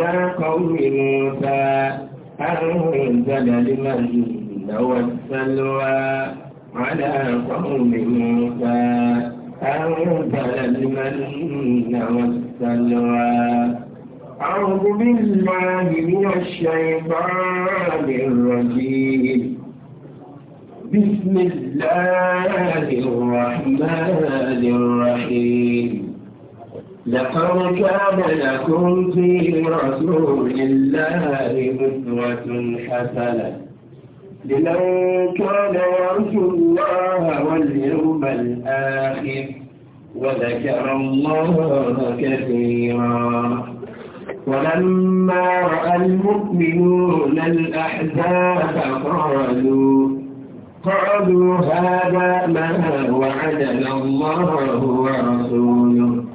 يا قوم موسى أنزل لمن والسلوى على قوم موسى أنزل لمن والسلوى أعوذ بالله من الشيطان الرجيم بسم الله الرحمن الرحيم لقد كان لكم في رسول الله أسوة حسنة لمن كان يرجو الله واليوم الآخر وذكر الله كثيرا ولما رأى المؤمنون الأحزاب قالوا قالوا هذا ما وعدنا الله ورسوله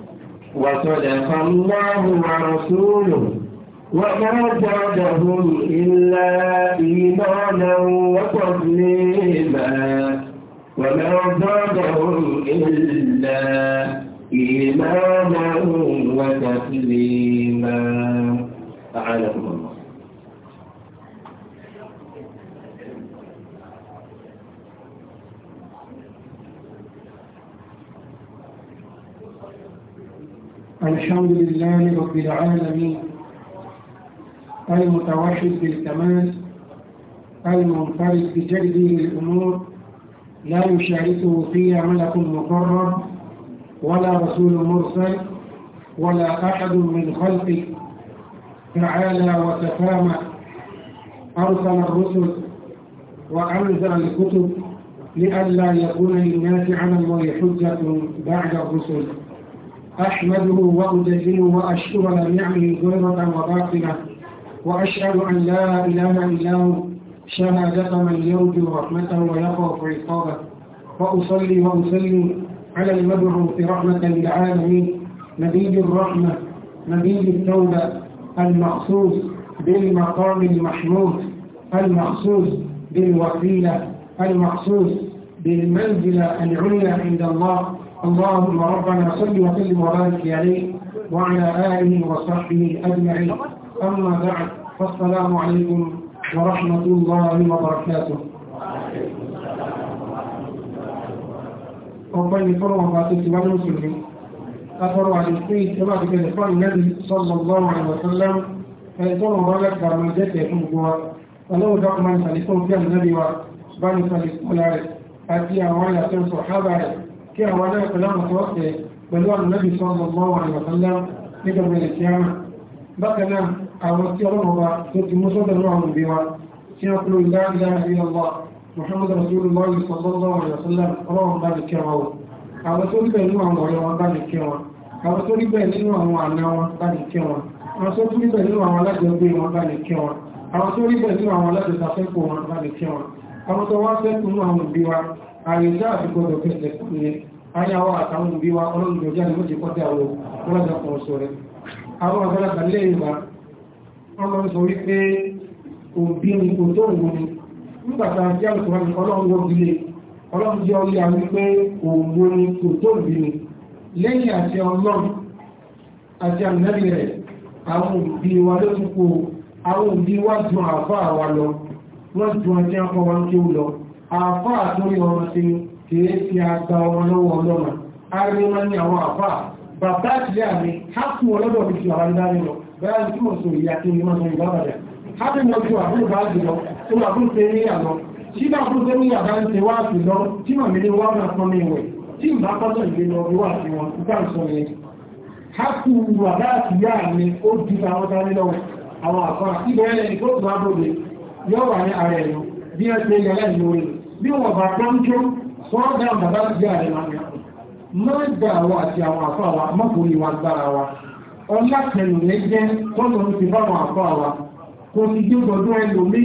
وصدق الله ورسوله وما زادهم إلا إيمانا وتسليما وما زادهم إلا إيمانا وتسليما أعانكم الحمد لله رب العالمين المتوحد بالكمال المنفرد بجلده الأمور لا يشاركه فيها ملك مقرب ولا رسول مرسل ولا أحد من خلقه تعالى وتفاهم أرسل الرسل وأنزل الكتب لئلا يكون للناس عمل الله حجة بعد الرسل أحمده وأجزله وأشكر نعمه ظاهرة وباطلة وأشهد أن لا إله إلا هو شهادة من يرجو رحمته ويخاف عقابه وأصلي وأسلم على المبعوث رحمة للعالمين نبي الرحمة نبي التوبة المخصوص بالمقام المحمود المخصوص بالوسيلة المخصوص بالمنزلة العليا عند الله اللهم ربنا صل وسلم وبارك عليه وعلى آله وصحبه أجمعين أما بعد فالسلام عليكم ورحمة الله وبركاته ربنا يفرح باتت والمسلمين أفروا على السيد كما تكلفان النبي صلى الله عليه وسلم فيطلوا رجل كما جاءت يكون جوا فلو من سلسون فيها النبي وبني سلسون لارد أتيا وعلى سلسون صحابه kí àwọn náà pẹ̀lú àwọn tó ọ̀sẹ̀ pẹ̀lú àwọn náà bí sọ ọmọ ọmọ wọn àyọ̀kọ́lá nígbà mẹ́rin tí a mà bákan náà àwọn tí ọlọ́run wa tó ti mú sọ́dọ̀ náà àwọn òbí wa tí wọ́n kúrò ilá ilá ilá ọlọ́ Muhammad Rasulullah sallallahu alaihi wasallam ọlọ́run bá lè kí wọn o àwọn tó rí bẹ́ẹ̀ nínú àwọn ọ̀rẹ́ wọn bá lè kí wọn àwọn tó rí bẹ́ẹ̀ nínú àwọn àna wọn bá lè kí wọn àwọn tó rí bẹ́ẹ̀ nínú àwọn alájọgbé wọn bá lè kí wọn àwọn tó rí bẹ́ẹ̀ nínú àwọn alájọsàfẹ́kọ̀ọ́ wọn bá lè kí wọn àwọn tó wá fẹ́ kúnnú àwọn òbí wa àyíká àfikọ́dọ̀ kẹsẹ̀ fún ilé ayáwó àtàwọn òbí wa ọlọ́run jọjá ni wọ́n ti kọ́tẹ́ àwọn ọlọ́dọ̀ kan sọ rẹ̀ àwọn àgbàlagbà lè wà ọmọ sọ wípé òbí ni kò tó òun ni nígbàtà tí àwọn ìkọ̀wé ọlọ́run wọ́n bí lé ọlọ́run jẹ́ orí àwọn wípé òun ni kò tó òbí ni lẹ́yìn àti ọlọ́run àti àmì rẹ̀ àwọn òbí wa ló tún kó àwọn òbí wa ju àfáà wa lọ wọ́n ju ọjọ́ ọkọ̀ wa ń kéwù lọ àfá àtórí ọmọ sí kìí fi àgbà ọmọ lọ́wọ́ ọlọ́mọ arìnrìnmá ní àwọn àfá bàbá àtìlẹ́ àmì hápù ọlọ́dọ̀ mi fi àwọn ìdárí lọ bẹ́ẹ̀ ni tí mo sọ ìyá kí ni wọ́n sọ ìbá bàjẹ́ hápù mọ́ ju àbúrò bá jù lọ tó wà fún ṣe ní àlọ́ tí bá fún ṣe ní àbá ń ṣe wá sí lọ tí màmí àwọn dání lọ àwọn àfá ibẹ̀ ẹni wà ní ara ẹ̀ bí ẹ ṣe yẹ lẹ́yìn lórí bí wọ́n bá tó ń jó wọ́n dá bàbá bí ààrẹ lánàá má gbà wá àti àwọn àfa wa má kò ní wa gbára wa ọlá tẹnu rẹ jẹ tọ́nà ti bá wọn àfa wa kò sì dé gbọdọ̀ ẹlòmíì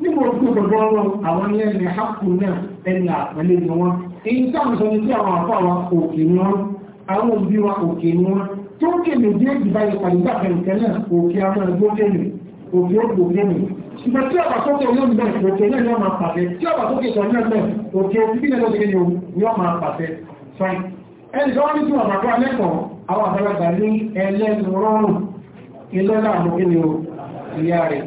nígbà tó gbọdọ̀ ọ̀rọ̀ àwọn ẹni hapù náà ẹni àpẹẹlẹ ni wọn èyí táwọn sọ ní sí àwọn àfa wa òkè ni wọn àwọn òbí wa òkè ni wọn tó kéde díẹ̀ jù báyìí pàdé gbàgbẹ̀ ìtẹ́lẹ̀ òkè àwọn ẹgbẹ́ òkè mi òkè òkè ìgbà tí ọba sókè yóò gbẹ òkè náà yóò máa pàṣẹ tí ọba sókè sọ náà gbẹ òkè náà lọ́dẹ̀ yóò yóò máa pàṣẹ fine ẹni tó wá ní tún àbàkọ́ alẹ́kọ̀ọ́ àwọn àgbàlagbà ní ẹlẹ́nu rọrùn ìlọ́lá ìyá rẹ̀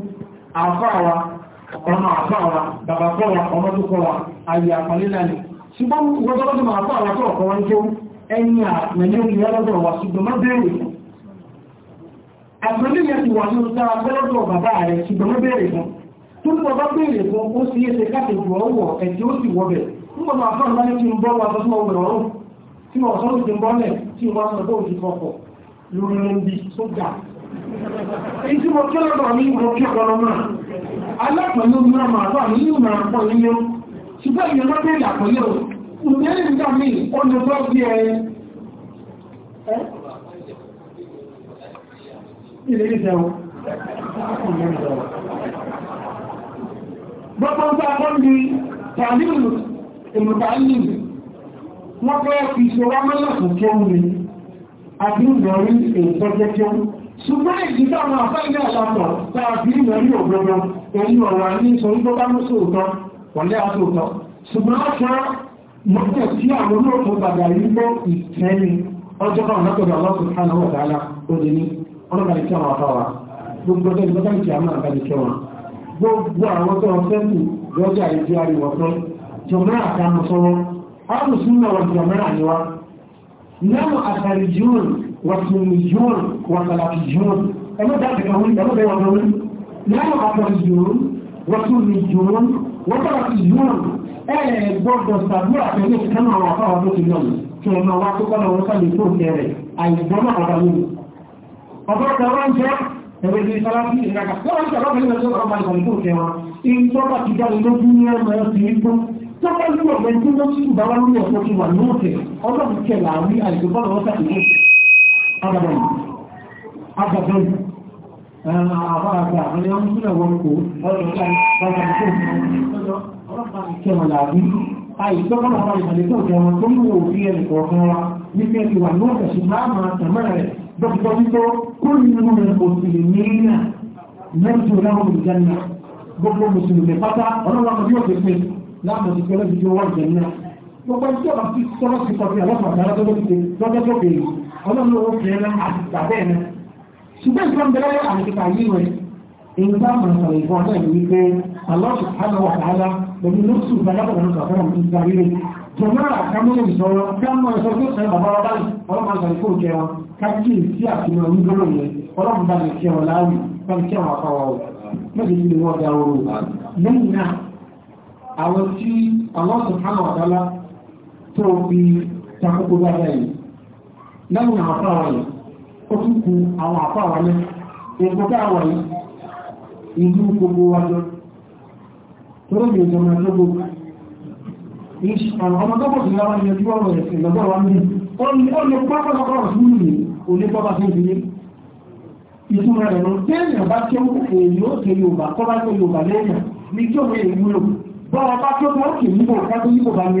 fine ọmọ àfáàwà bàbá kọ́wà ọmọ tó kọ́wà ayé àpàlélà ni ṣùgbọ́n gbogbo tó máa fáàwà tó ọ̀kọ́ wọn tó ẹni àmẹ́lẹ́ òní ọlọ́dọ̀ wà ṣùgbọ́n má bèèrè àpẹẹlẹ́ yẹn ti wà ní ọjọ́ agbọ́lọ́dọ̀ bàbá rẹ̀ ṣùgbọ́n má bèèrè fún tó ní bàbá bèèrè fún ó sì yé ṣe káàkiri ọwọ́ ẹ̀jẹ̀ ó sì wọbẹ̀ nígbà máa fáwọn bá ní kí n bọ́ wa tó sọ́wọ́ rẹ̀ ọ̀rùn tí wọ́n sọ́wọ́ ti bọ́ lẹ̀ tí wọ́n sọ pé òjì fọkọ̀ lórí lórí sójà èyí tí mo kí ọ̀dọ̀ mi mo kí ọ̀dọ̀ náà alápẹ̀lú náà máa bá mi yóò máa pọ̀ níyó ṣùgbọ́n ìyẹn wọ́n bèèrè àpẹ̀lú ìgbẹ́lẹ̀ nígbà míì ó lè bọ́ bí ẹ ilé ìjẹun gbogbo ń bá wọ́n di tàbílù ìmùtàlì wọ́n fẹ́ fi ṣe wá mọ́lá fún kí ó ń rí àbí ìrọ̀rí èyí tọ́jẹ́ kí ó ń rí ṣùgbọ́n ọjọ́ kan látọ̀dọ̀ ọlọ́sùn hàn wọ̀ dáadáa ó lè kí àwọn afáwà gbogbo ọjọ́ ìgbọ́dọ̀ kí àwọn àbàdì kí wọn gbogbo àwọn tó ń kù lọ́jọ́ àìjẹ́ àríwọ̀ jọmọ́ àtàmùsọ́wọ́ wàsùnmíyún wàsàlàfíyún ẹ̀mọ́ dáàbì kan wí ẹ̀mọ́ bẹ́ẹ̀ wọn wí lẹ́yìn àtọ̀yún wàsùnmíyún wàsàlàfíyún ẹ̀ gbọ́dọ̀ sàdúrà pẹ̀lú ìkànnà àwọn afáwọn tó ti lọ́nà kí ẹ̀mọ́ wa tó kọ́nà wọn sáré tó kẹrẹ̀ àìgbọ́n náà ọ̀dà mi. ọ̀dọ́ ọ̀dà wọn jẹ́ ẹ̀rẹ́ ní sàlàfí ìrìnàkà tó wọn jẹ́ ọlọ́pàá nígbà tó ọmọ ìkànnì tó kẹ wọn ìjọba ti dá lójú ní ẹ̀mọ́ ẹ̀ ti ń tó tó bá lù ọ̀gbẹ́ tó lọ́sùn bá wà lórí ọ̀pọ̀ ti wà lóòkè ọlọ́run kẹ làárí àìgbọ́n náà wọ́n sàkóso abadan abadan àbáraga àwọn ẹ̀yàn múlẹ̀ wọn kò ọlọ́pàá Mẹ́rin tó láwọn ìjánà gbogbo mùsùlùmí pátá ọlọ́wọ́ bí ó fi pín láàmù ìgbẹ́lẹ́bí tí ó wọ́n jẹ náà. Gbogbo ìjọba tí sọ́rọ̀ sí kọfí àwọn àgbàrá tó lórí lọ́jọ́ tó bèèrè ọlọ́run ló fi ẹran àti bàbá ẹ̀ náà ṣùgbọ́n nǹkan bẹ̀rẹ̀ lọ́wọ́ àti kíkà yìí rẹ̀ èyí bá mọ̀ sọ̀rọ̀ ìfọ̀ náà ní wípé aláṣù hánà wà dáadáa pẹ̀lú lóṣù gbàdábọ̀dọ̀ sọ̀rọ̀ ní ìgbà rírẹ̀ jọ̀mọ́ àkámúlò ìsọ̀rọ̀ dámọ̀ ìsọ̀ tó sọ̀rọ̀ bàbá wa báyìí ọlọ́mọ sọ̀rọ̀ fún òkè wọn kájí sí àfihàn onígbòrò yẹn ọlọ́mọ bá mi kí wọn láàyè bá mi kí wọn àfáwà o mẹ́jọ sí ni wọ́n da oru lẹ́yìn náà àwọn tí aláṣù hánà wà dáadáa tó fi takókó dáadáa yìí lẹ́yìn àwọn àfáwà yìí ó tún kú àwọn àfáwà ní ẹgbẹ́ àwà yìí ìlú gbogbo wájọ́ torí mi ìjọba lógbò ọmọ tọ́pọ̀ sí láwọn ilẹ̀ tíwọ́ rẹ̀ sí lọ́gbọ́ wa ní ó lè pápá sọ́kọ̀rọ̀ sí ìlú ò ní pápá sí ìdílé ìtumọ̀ rẹ̀ lọ tẹ́yìn bá tí ó èyí ó tẹ Yorùbá kọ́ bá tẹ Yorùbá lẹ́yìn ní tí ó fi èyí wúlò bọ́ọ̀ bá tí ó tọ́ òkè yíbo ká tó yíbo bá ní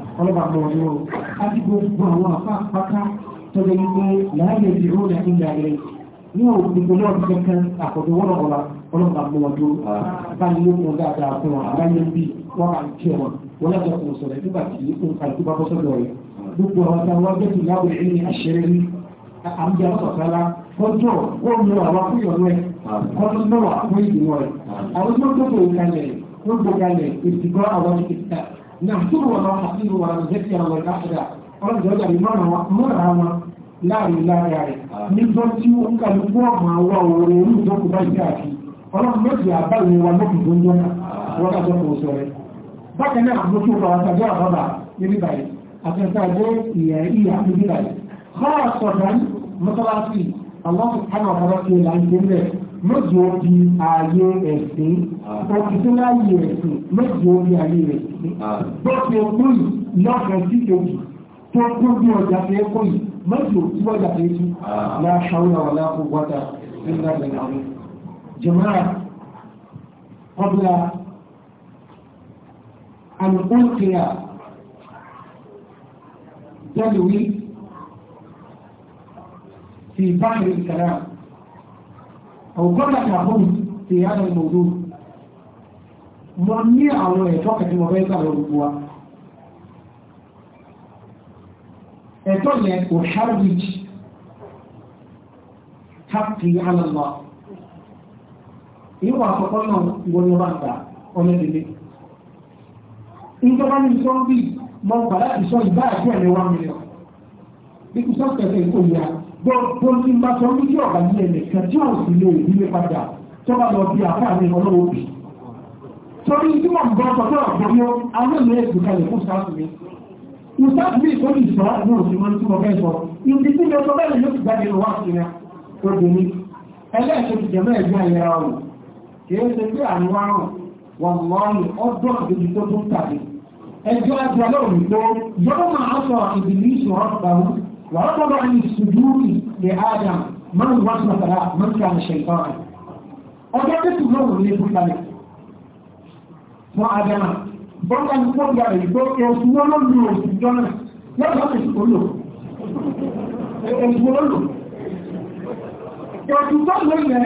ọlọ́pàá pọ̀ ní o àti gbogbo àwọn àfa pátá tọ́jọ́ wípé láàyè ìdúró ní ilẹ̀ ayé ní òkùnkùn náà ti kẹ́kẹ́ àkọ́jọ wọ́n ọ̀la ọlọ́pàá pọ̀ wọ́n tó ah. báyìí ló kún dáadáa fún wọn àbáyé bí wọ́n máa ń kí wọn wọ́n lájọ kò sọ̀rọ̀ nígbà tí nǹkan tó bá bọ́ sọ́dọ̀ rẹ̀ ah. gbogbo àwọn táwọn wá bẹ́ẹ̀ tó láwùrẹ́ ní àṣẹrẹ́ ní àmì àtọ̀sára kọjọ́ wọ́n mú àwọn akúyọ̀nù ẹ̀ kọ́tún náà rẹ̀ àwọn tó gbogbo kalẹ̀ gbogbo نحصرها ونحصرها ونذكرها ونحصرها ọlọ́dún ọjà yìí mọ́ra wọn mọ́ra wọn láàrin láàrin rẹ̀ nígbà tí ó ń kàlù fún ọmọ àwọn òòrùn orí ìjókòó bá ìdí àti ọlọ́dún méjì àbáyé wa lókùn tó ń yọ́nà wọ́n dájọ́ kò sọ rẹ̀. bákan náà mo tún lọ́wọ́ tàbí àbábà níbi báyìí àtẹ̀tàjẹ́ ìyẹ̀ ìyà níbi báyìí. kọ́ ọ̀sọ̀dán mọ́sálásì àwọn ọ̀sán méjì ó di ààyè ẹ̀sìn pọtifúláyì ẹ̀sìn méjì ó di ààyè ẹ̀sìn bó ṣe kú yìí lọ́kàn sí kejì tó kú bí ọjà fẹ́ kú yìí méjì ó tí ọjà fẹ́ tú láṣà ó yàwó láàkó àwọn jẹ̀mọ́ra في بحر الكلام أو قبل أن أقول في هذا الموضوع مؤمنين على إطلاق المبادئ على الربوة ẹ̀tọ́ yẹn kò ṣáàbìjì káàkì alàlá ìwà àkọ́kọ́ náà wọ́n bá gbà ọlọ́dẹ̀lẹ́ ìjọba ní ìṣọ́ bí mọ́ bàlá ìṣọ́ ìbá àti ẹ̀rẹ̀ wà mílíọ̀ bí kò sọ́kẹ̀ẹ́ kò yá gbogbo ní bá sọ wípé ọ̀gá ní ẹnìkan tí ò sì lè rí mi padà tó bá lọ bí àfáàní ọlọ́wọ́ bì. torí tí wọ́n gbọ́ sọ́dọ̀ ọ̀gbọ́n yó àwọn èèyàn èsì kalẹ̀ fún sáàtù mi. ìsáàtù mi tó lè sọ àwọn òsì máa ń túbọ̀ bẹ́ẹ̀ sọ ìdí tí mi ọsọ bẹ́ẹ̀ yóò ti jáde lọ wá sí ra obìnrin ẹlẹ́ẹ̀kejì jẹ̀mọ́ ẹ̀gbẹ́ àyẹ̀rọ ọ̀rùn kì í ṣe pé àrùn àrùn wọ̀n mọ́ọ̀nù ọdún àgbèjì tó tún tàbí ẹjọ́ ẹgbẹ́ ọlọ́run tó yọ́mọ̀ àṣọ ìbìlì ìṣòro ọ̀gbà وعقب عن السجود لآدم من وصمة له من كان شيطانا أجابت الله لبكالك وآدم bọ́lá ní kó gbà ìgbó ẹ̀sùn wọn ló lu òsì jọ́nà lọ́dọ̀ ẹ̀sùn olò ẹ̀sùn olò ẹ̀sùn tó ló yẹ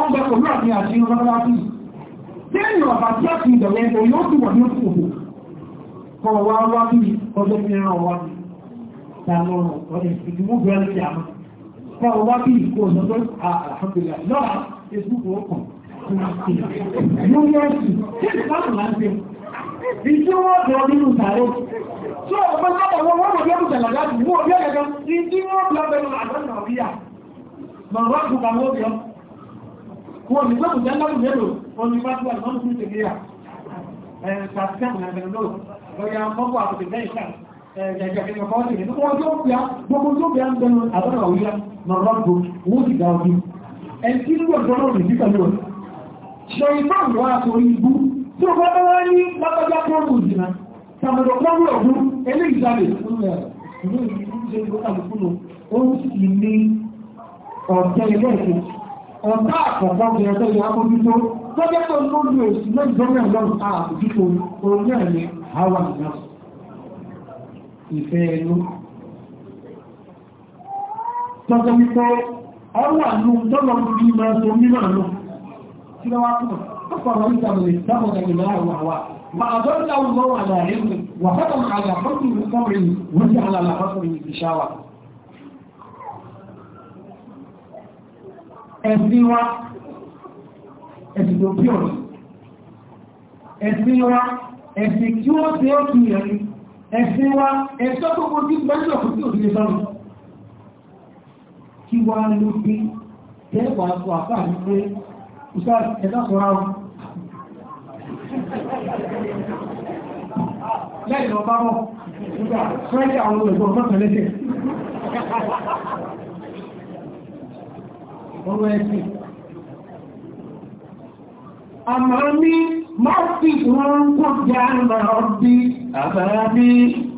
ọgbẹ̀ pẹ̀lú àti àti ọlọ́lápì tí ẹ̀yìn ọ̀bà tí a ti ìdọ̀lẹ́ ẹ̀yọ́ tí wọ̀ ní òkú òkú kọ̀wọ̀ wá wá bí ọjọ́ ìrìnà wá bí tààlọ́rọ̀ ọ̀rẹ́ ìdìbò bẹ̀rẹ̀ àmọ́ fún ọwá bí ìkó ọ̀sọ̀tọ̀ àhàbìlà lọ́wọ́ facebook ọkàn ló yẹ ẹ̀sùn tí ìsìláàmù là ń ṣe ìṣú wọ́n bọ̀ nínú sàárẹ̀ tí ó ọ̀pọ̀ lọ́pọ̀ wọn wọ́n ọdún tẹ̀lẹ̀ láti mú ọbí ẹ̀gẹ̀gẹ̀ ní tí wọ́n bọ̀ bẹ̀rẹ̀ àdánù àbíyà mọ̀rọ̀ kù kà wọ́n bọ̀ wọn ní gbọ́dọ̀ jẹ́ lọ́dún mélòó wọn ní bá tún àdánù fún Tí ó bá bá wá ní lápájá pọ́lù ìjìnà, tàbàdọ̀ pọ́lù ọ̀gbọ́n, ẹlẹ́ ìjàlẹ̀ ìpínlẹ̀ ìlú ìjẹ́ ìgbókàlùkúnnù, ó sì ní ọ̀tẹ́ ilẹ̀ ìpínlẹ̀. Ọ̀tá àkọ̀kọ́ bí ọjọ́ ìyàkójútó, tọ́jẹ́ tó lórí òsì mẹ́jọ́ mẹ́rin lọ́rùn ààbùjútó orí ẹ̀rẹ́ àwọn ìyàsọ̀ ìfẹ́ ẹlú tọ́jọ́ wípé ọwọ́ àánú tọ́lọ bí i máa tó mímọ̀ àánú tí lọ́wọ́ kúmọ̀ ọkọ̀ ọ̀rọ̀ ìtàbùrẹ̀ dábọ̀dà ìlà àwọn àwà máa dọ́lá ọlọ́wọ́ àlàyé wà fọ́tọ̀ àgbà fọ́tọ̀ ìrìnkọ́rin wọ́n jẹ́ àlàlà fọ́tọ̀ ìrìnkìṣáwà ẹ̀sìn wa ẹ̀sìn tó pí ọ̀rọ̀ ẹ̀sìn wa ẹ̀sìn tí ó ṣe é kí ẹ̀rin ẹ̀sìn wa ẹ̀sọ́ tó kọjú gbẹ́jọ́ kò tí òfin sọ́rọ̀ kí wá ló dé tẹ́ẹ̀kọ́ àpò àpáà ní pé ìṣá ẹ̀dá sọ́ra wọn lẹ́yìn lọ bá mọ̀ nígbà fẹ́ẹ̀kì àwọn olùgbọ́ mọ́tẹ̀lẹ́sẹ̀ ọ̀rọ̀ ẹ̀sìn àmọ́ ní máa fi ìwọ̀n kó jẹ́ àmà ọ̀bí Àbábí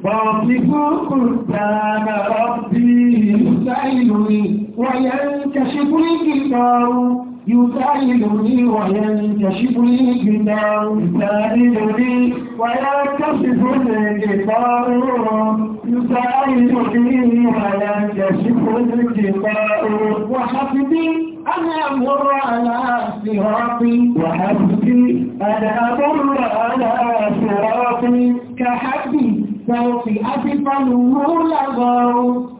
bọ̀bí kúrùkù dára bọ̀bí ìlú sáìlú ni wọ́n yẹ ń kẹṣẹ́ búríkì lọ́rùn. يساعدني وينكشف لي جدار يساعدني وينكشف لي جدار يساعدني وينكشف لي جدار وحسبي أن أمر على صراطي وحسبي أن أمر على صراطي كحبي سوف أسفل ملغا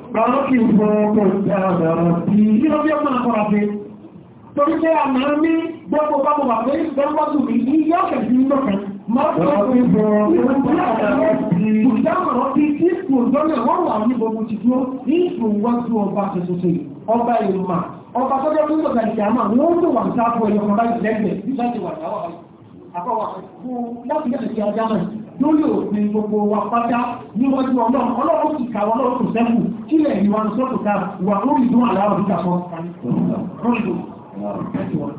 Rọ́lọ́kì gbogbo ìdáàbàrà tí nínú bí ọmọ àkọ́ra pé, torí pé a máa ní gbogbo bá mọ̀ pé gbọ́gbọ́gbù mi ní yọ́kẹ̀ sí ń lọ́kẹ̀. Máa ń sọ pé ìdáàbàrà tí tí kò lọ́nà wọ́n wà ní gbogbo ti dúró ní ìfòwúwájú ọba àtẹ̀sọ̀tò ọba ìmà ọba tó jẹ́ pínlẹ̀ ìgbàlejò àmà wọ́n tó wà ní sáàpọ̀ ẹ̀yọ̀kan báyìí lẹ́gbẹ̀ẹ́ lórí òfin gbogbo wa pátá níwájú ọlọ́run ọlọ́run ti kà wọ́n lọ́run kò sẹ́kù kí lẹ̀ ìwà ní sọ́kù ká wà lórí ìdún àláwọ̀ níta kan lórí ìdún.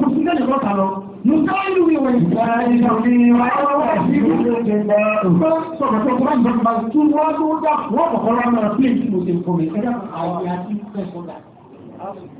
Kò sí lẹ́yìn lọ́ta lọ. Nùtọ́ ìlú ìwé ìgbà ìjọbi ọlọ́wọ́ sí ìlú ìjọba. Sọ̀rọ̀ tó bá ìjọba bá tún wọ́n tó dà wọ́n kọ̀kọ́ lọ́nà pílẹ̀ tí mo ṣe fún mi. Ẹ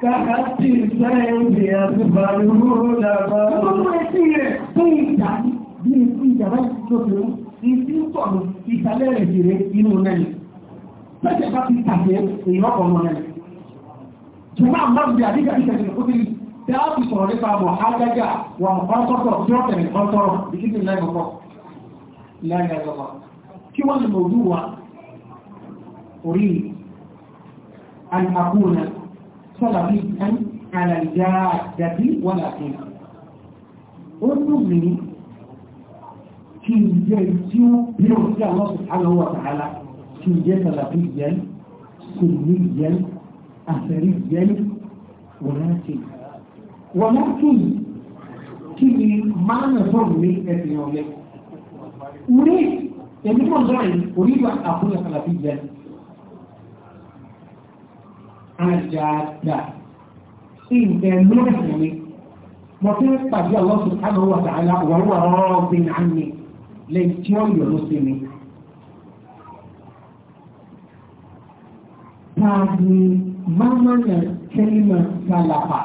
Káàkiri sẹ́yìnbì àti bàrúrú dàbà. Gbogbo ẹ̀sìn rẹ̀ tó ìjà ní ìjàmbá ìjọba ìdí pọ̀lú ìsàlẹ̀ rẹ̀ jìrì inú náà. Mẹ́jẹ̀ bá ti tàbí èèyàn ọkọ̀ ọmọ náà. Jùmọ́ àmọ́bí àdígbà ìṣẹ̀lẹ̀ òkèlè tí a fi sọ̀rọ̀ nípa mọ̀ ágágà wà ọ̀tọ̀tọ̀ tí ó tẹ̀lé ọ̀tọ̀rọ̀ ìdíkìtì Kí wọ́n ni mọ̀ ojú wa? Orí àìmàkú náà. صلبيا على الجادة والأقل ó dùn mí kí n jẹ́ tí ó bí ó sí àwọn subhanahu wa ta'ala kí n jẹ́ sàlàbí yẹn sùnmí yẹn àfẹ́rí yẹn wọ́láàkì wọ́láàkì kí ni máa ń dùn mí ẹ̀sìn ọ̀lẹ́ orí èmi náà lọ́rin orí wa àkúnyà sàlàbí yẹn àjàgbà nǹkan lóògùn mi mo fi ń pàdé àwọn sùkánù wà tààlà wà wà rọ́ọ̀bìn àmì lẹ́yìn tí wọ́n yọ̀ ló sí mi. Tàbí máma nà kẹ́límà sálàpà.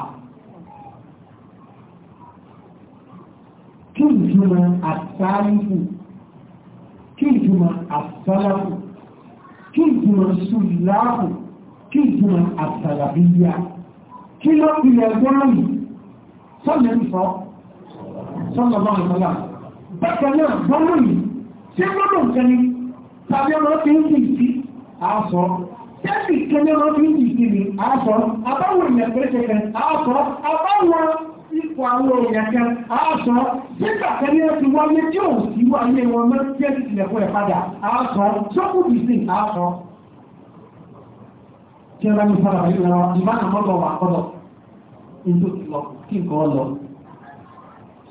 Kí ìtumọ̀ àtàlùkù? Kí ìtumọ̀ àtàlùkù? Kí ìtumọ̀ sùláàkù? kí ìtumọ̀ àtàlàbíyà kí ló ilẹ̀ gbọ́nàmì sọ́nà ń sọ sọ́nà bá ń sọ́lá bákan náà gbọ́nàmì tí gbọ́nà kẹni tàbí ọmọ fi ń dìí sí àásọ tẹ́sì kẹni ọmọ fi ń dìí sí ni àásọ abáwọn èèyàn pẹ́sẹ̀ kan àásọ abáwọn ipò àwọn èèyàn kan àásọ nígbà kẹni ẹ ti wáyé tí ò sí wáyé wọn mọ́ tí ẹ ti tilẹ̀kùn ẹ̀ padà àásọ sọ́kùnrin sí àásọ tí ẹ bá ní sára pẹ̀lú wọn ìmáàmù mọ́tò wà kọ́dọ̀ nítorí ti lọ kí nǹkan lọ.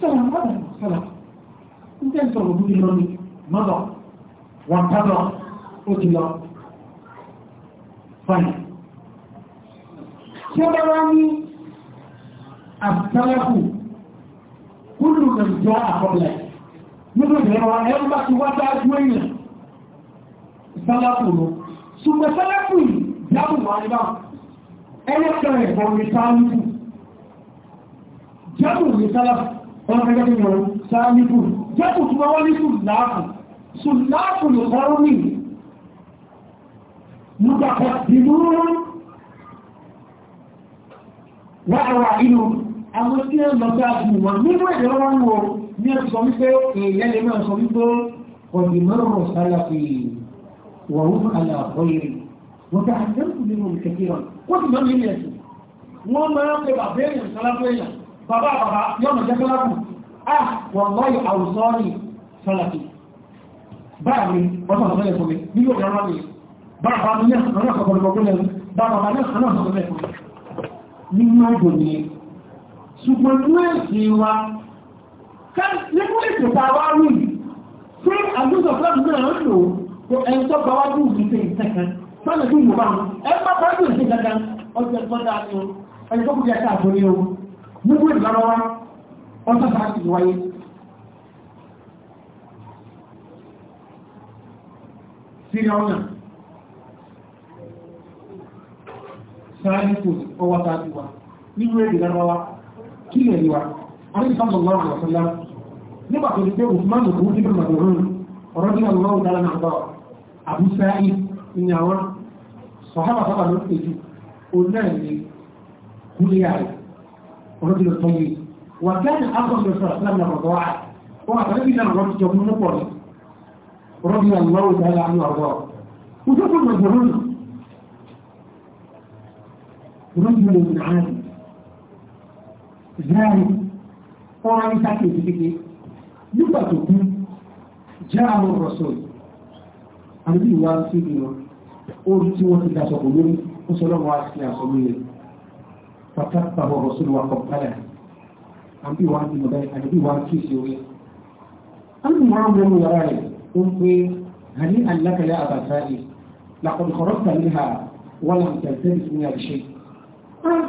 sọ̀rọ̀ mọ́tò sọ̀rọ̀ ń tẹ́ sọ̀rọ̀ bú lọ ní mọ́tò wọn kọ́dọ̀ ó ti lọ. fine. tí ẹ bá wá ní àbúkáyàkù kúlù nàìjọ àkọọ́lẹ̀ nínú ìrẹ̀wà ẹ̀ ń bá ti wá dájú èèyàn sálàkù lọ. ṣùgbọ́n sálàkù yìí dáhùn àyíká ẹlẹ́kẹ̀ ẹ̀kọ́ ní sáàmìkù jẹ́kù ní sára wọn fẹ́ gẹ́gẹ́ mọ̀ sáàmìkù jẹ́kù tí wọ́n ní sùnláàkù sùnláàkù ló kọ́rọ́ ní mùtàkọ̀ dìbò wà àwà inú àwọn tí ó lọ sí àjù wọn nínú ẹ̀rọ wọn wọ ní ẹ̀sọ́ wípé èèyàn lè sọ wípé ọ̀dìmọ́rọ̀ sálàfì wọ̀hún àlàfọ́ yìí وتعلمت منهم كثيرا قلت من من يسوع وما يقبع بين سلفيا بابا بابا يوم جكلكم اه والله اوصاني سلفي بعد وصل غير قومي بيو غرامي بعد ما نخ انا خبر بقول بعد ما نخ انا خبر بقول مما يقولني ṣùgbọ́n ní ẹ̀sìn wa nígbà ètò tá a wá rí ṣé àdúgbò fúlàmù náà ń lò ẹni tó bá wá dùn ní pé ìtẹ́kẹ̀ẹ́ mọ́nà tí mo bá ń ẹ bá bá dùn sí dandan ọjọ́ ẹ̀kọ́ ni o ẹni tó kù jẹ́ káàbò ni o gbogbo ìgbàlọ́ wa ọjọ́ bá ti wáyé. Sírí ọ̀nà sáájú kò ọwọ́ sáájú wa nínú èdè lọ́wọ́ kí lè rí wa àwọn ọ̀rọ̀ bí àwọn ọ̀rọ̀ Abu Sa'id ìyàwó sọ̀hábà sábà ló pè jù ó náà ní kúlíyà rẹ̀ olóbìnrin tó yé wà gáàdì akọ̀ǹdọ̀ sọ̀rọ̀ sílẹ̀ ní ọ̀rọ̀ wa ó wà tàbí náà rọ́bì jọ fún pọ̀ ní rọ́bì aláwọ̀ dáadáa ní ọ̀rọ̀ ó tó kún mọ̀jọ̀ lónìí rọ́bì lè ọ̀rọ̀ ní sákèjì nígbà tó kú jáàmù rọ̀sọ̀rọ̀ àbí ìwà sí ìwọ̀n orí tí wọ́n ti dáṣọ kò lórí ó sọ lọ́wọ́ àti àṣọ lórí pàtàkì ọ̀rọ̀ sínú wa kọ̀ọ̀kálà àbí wa ní ọ̀dá àbí wa kí sí orí. Àwọn ìmọ̀ràn wọn mú yàrá rẹ̀ ó ń pé àní àlákàlẹ̀ àbàtà rẹ̀ làkọ̀dù kọ̀rọ̀ tàbí ha wà láti tẹ̀sẹ̀ ní àṣẹ. Ah,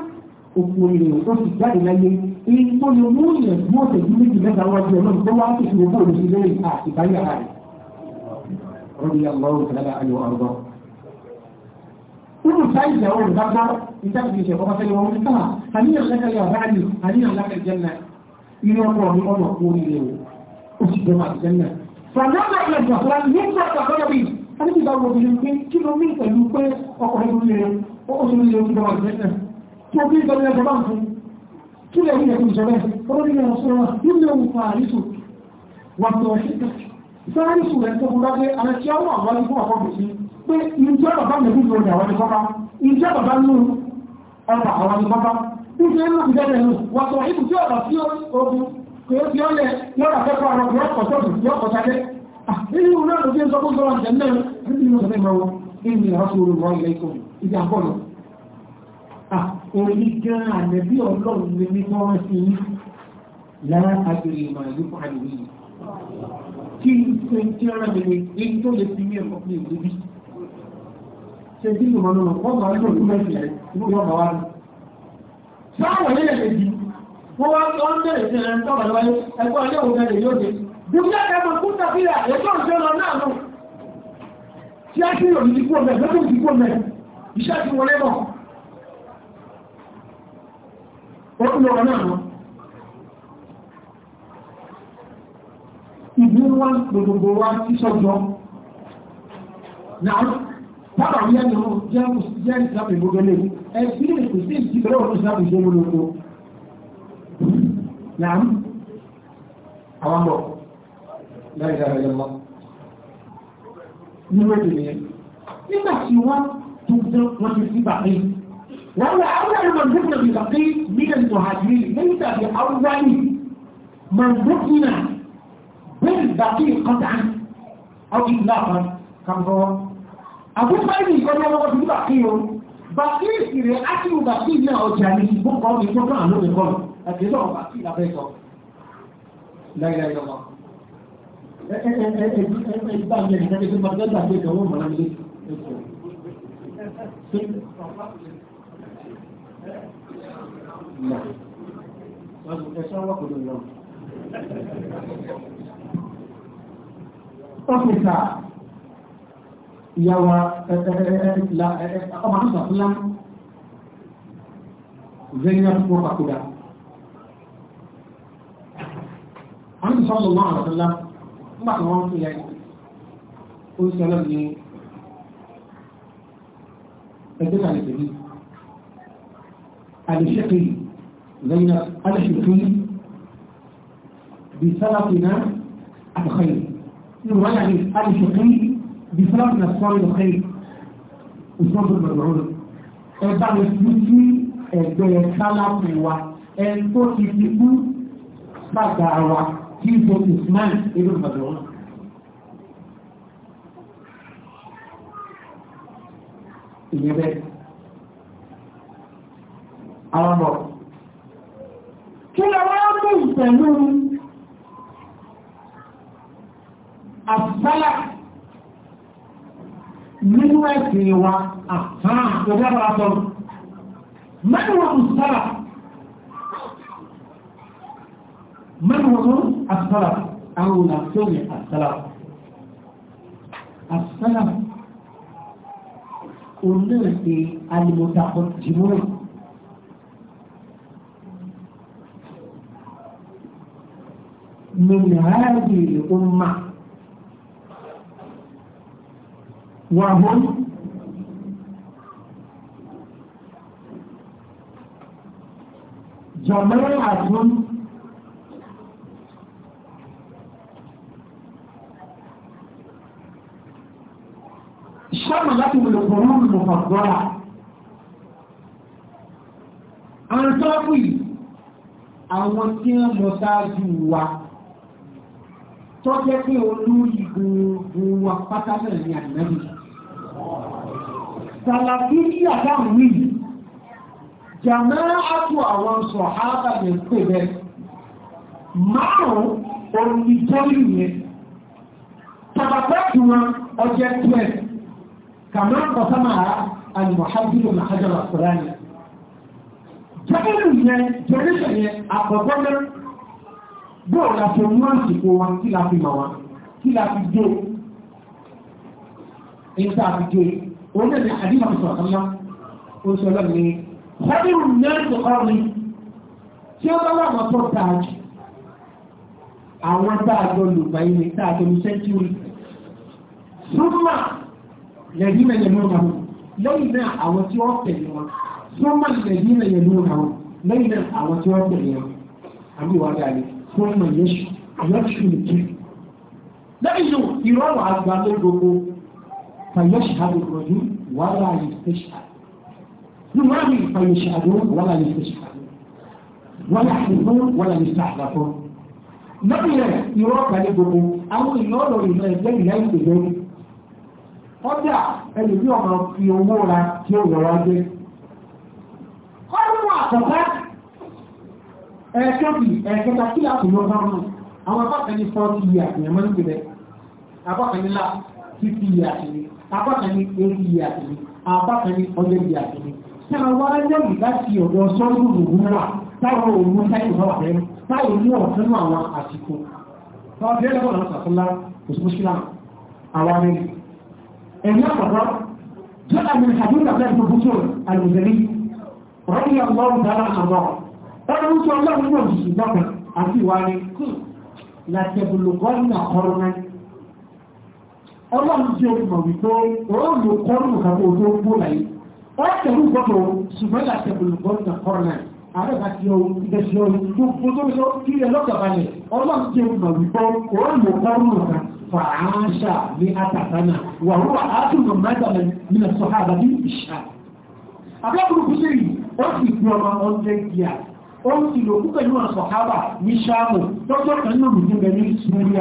òkú orí ó ti jáde láyé èyí tó lè mú ìyẹn mú ọ̀sẹ̀ bí méjì mẹ́ta wájú ọlọ́run tó wá sí ìṣòro bóòlù sí lẹ́yìn àtìbáyà rẹ̀. Rọ́bì Allah ta'ala كل شيء له قدر يتبقى شيء فقط يوم انتهى هنيئا لك يا بعدي هنيئا لك الجنة إلى الله من الله قولي له أسجد مع الجنة فلما يزفران يبقى تقربي أنا كده أقول لهم كي كيلو مين تلوك أقول لهم أقول لهم كده مع الجنة توبين كده يا جماعة كل هي كل شباب قولي يا رسول الله إنه فارسك وأنت وحيدك فارسك أنت قلت أنا كيامو أولي كما قلت pé ìjẹ́ bàbá mẹ́bí ló dà wọ́n ní kọ́kọ́ ìjẹ́ bàbá nù ọba àwọn ní kọ́kọ́ níṣẹ́ ní ìjẹ́ rẹ̀ nù wọ́n sọ ibù tí ọ̀rọ̀ sí ogun kò ó fi ó lẹ̀ lọ́rọ̀ akẹ́kọ̀ọ́ àwọn ọkùnrin ọkọ̀ sọ́ọ̀tù yọ ọkọ̀ sáké nínú náà ló fi ń sọ fún sọ́wọ́n jẹ́ mẹ́rin nínú ìlú ọ̀sẹ̀ mẹ́wọ́ nínú ìlú ọ̀sẹ̀ olùwọ́ ilẹ̀ ikọ̀ ìdí àbọ̀lọ̀ orí gan ànẹ́bí kí ń tí ọ̀rọ̀ mi ní èyí tó lè fi mí ẹ̀kọ́ fún ìlú bíi ṣe bí ìmọ̀ náà wọ́n máa nílò ìlú mẹ́sì rẹ̀ ìlú wọn bá wá ní. sáwọn ilé rẹ̀ di wọ́n wá tó ń bẹ̀rẹ̀ sí ẹ̀rẹ́ tó bàlá wáyé ẹgbẹ́ òun bẹ̀rẹ̀ yóò dé. dùkúlẹ̀ kẹfà kún tàbíyà ẹjọ́ ìjọ lọ náà nù. tí a ti rò ní dípò mẹ́ lọ́dún dípò mẹ́ iṣẹ́ ti wọlé bọ̀. ó ń lọ náà nù. ìdí wọn gbogbo wa ti sọ jọ. náà sábà wíyá ni wọn jẹ́ jẹ́ ìsìlámù ìgbógbó lé ẹbí rẹ̀ kò sí ìsìnkú lọ́wọ́ ìsìlámù ìṣe wọn lóko. Nàám àwọn bọ̀ láì dára yẹn lọ. Ní wọ́n ti nìyẹn. Nígbà tí wọ́n tó dán wọ́n ti sí bàbí. Wọ́n wá àwọn ẹ̀rọ mọ̀lẹ́kùnà bí bàbí mílíọ̀nù mọ̀hàjì lẹ́yìn tàbí àwọn wáyé mọ̀lẹ́kùnà bẹ́ẹ̀ bàbí kọ́tà àwọn ìlú àpá kàbọ̀ àbúfáìlì ìkọjọ́ lọ́wọ́ ti bá kí o bá kí ìsìrè ákìlù bá kí náà ọjà ní ìbò kan ní tó náà lónìí kan àti lọ́wọ́ bá kí ìlàbẹ́ sọ láìláìlọ́wọ́ ẹgbà mi ẹ̀ka tó máa gbẹ́gbà pé ìdánwò mọ̀ láti lẹ́kọ̀ọ́. Ọ́fíìsà ìyàwó ọmọ àtúnṣe àtúnlá zẹ́yìnà tó kọ́ kàkúdà. àwọn ìṣọ́lọ̀ náà àtúnlá nígbà tí wọ́n ń fìyà ó ń sọ́lọ́ ní ẹgbẹ́ àlejòbí àlejòbí zẹ́yìnà àlejòbí bí sálàfínà àbúkọ́yìn. nínú wáyà ní àlejòbí بسبب الصالح الخير وصبر الملعون ẹ̀bá mi fi sí ẹ̀gbẹ́ sálámù wa ẹni tó ti fi kú bàbá wa kí n so Usman ibn Madun. ìyẹn bẹ́ẹ̀ àwọn ọmọ kí ló wá mú pẹ̀lú àbúsálà nínú ẹ̀sìn wa àtàn òbí àbára sọ̀rọ̀ mẹ́rin wọn kò sára mẹ́rin wọn kò àsára àwọn olùdásóòrè àsára àsára olóòtú alimọ̀tàkọ̀ jìmúrò. من هذه الأمة وهم جماعة شملت القرون المفضلة أن yìí àwọn tí wọ́n mọ̀ sáájú wa tó jẹ́ pé olórí gbogbo wa pátá ní ànábì sàlàfíà dáhùn yìí jàmáàtù àwọn sọ̀hábà lè pè bẹ́ márùn-ún òní tọ́lù yẹn tàbàtàkì wọn ọjọ́ pẹ́ kàmá kọsámà alìmọ̀hájúlò màhájọ́ àkùránì jẹ́kẹ́lù yẹn jẹ́rẹ́sẹ̀ yẹn àkọ́kọ́ náà bóò la fi mú àsìkò wa kí la fi mọ̀ wa kí la fi jó èyí tá jó yìí òun náà ní àdìmọ̀ ìsọ̀kànlá ó sọ lọ́nà ní ọdún mẹ́rin ọ̀rin tí ó bá wà tó tààjù àwọn tààjọ lùgbà ilẹ̀ tààjọ ní sẹ́ńtúrì súnmà lẹ́yìn mẹ́yẹ̀ lóra wọn lẹ́yìn náà àwọn tí wọ́n tẹ̀lé wọn súnmà lẹ́yìn mẹ́yẹ̀ lóra wọn lẹ́yìn náà àwọn tí wọ́n tẹ̀lé wọn àbí wàá súnmà yẹ́sù yẹ́sù nìkí lẹ́yìn náà ìrọ̀rùn àgbà ló فيشهد الرجل ولا يستشهد لماذا فيشهدون ولا يستشهدون ويحلفون ولا يستحلفون lọ́bìnrin rẹ̀ irọ́ kàlẹ́ gbogbo àwọn èèyàn ọ̀rọ̀ ìlú ẹgbẹ́ ìyá ìpè lórí kọ́dà ẹni bí ọmọ fi owó ra tí ó rọra gbé ọdún àkọ́kọ́ ẹ̀ẹ́kẹ́bì ẹ̀ẹ́kẹta kí láti lọ bá wọn àwọn apákan fọ́ọ̀tì yìí àtìyàn mọ́ níbi rẹ̀ apákan ní lá títí yìí apá orí iye àtìní apá ọjọ́ iye àtìní tí a wá lẹ́yìn láti ọ̀dọ̀ sọ́ọ́dún ògùn wà táwọn òun táyì náà fẹ́ táyì ní ọ̀tún náà àwọn àsìkò táwọn fẹ́ lọ́wọ́ náà sàkúnlá òṣùṣùlá àwọn amẹ́rin ẹ̀yìn àkọ́kọ́ tó àmì ìṣàdúrà tàbí ẹ̀dùn bùtù àlùzẹ̀rí rọ́bì ọlọ́run dára ọlọ́run jẹ́ olùmọ̀ wípé òòlù kọ́rùn kan tó tó gbó láyé wọ́n tẹ̀lú gbọ́dọ̀ ṣùgbọ́n ìlà tẹ̀lú gbọ́dọ̀ kọ́rùn náà ààrẹ bá ti ọrùn ìdẹ̀sí ọrùn tó gbogbo tó kí ilẹ̀ lọ́kàbalẹ̀ ọlọ́run jẹ́ olùmọ̀ wípé òòlù kọ́rùn kan fàáṣà ní àtàkánà wà wúwà áàtùmọ̀ mẹ́tàlẹ̀ nínú sọ́hábà ní ìṣà abẹ́kùnrin kú sí yìí ó sì fi ọmọ ọ̀ndẹ́ gíà ó sì lò kú pẹ̀lú àwọn ní ṣáàmù lọ́jọ́ kan ní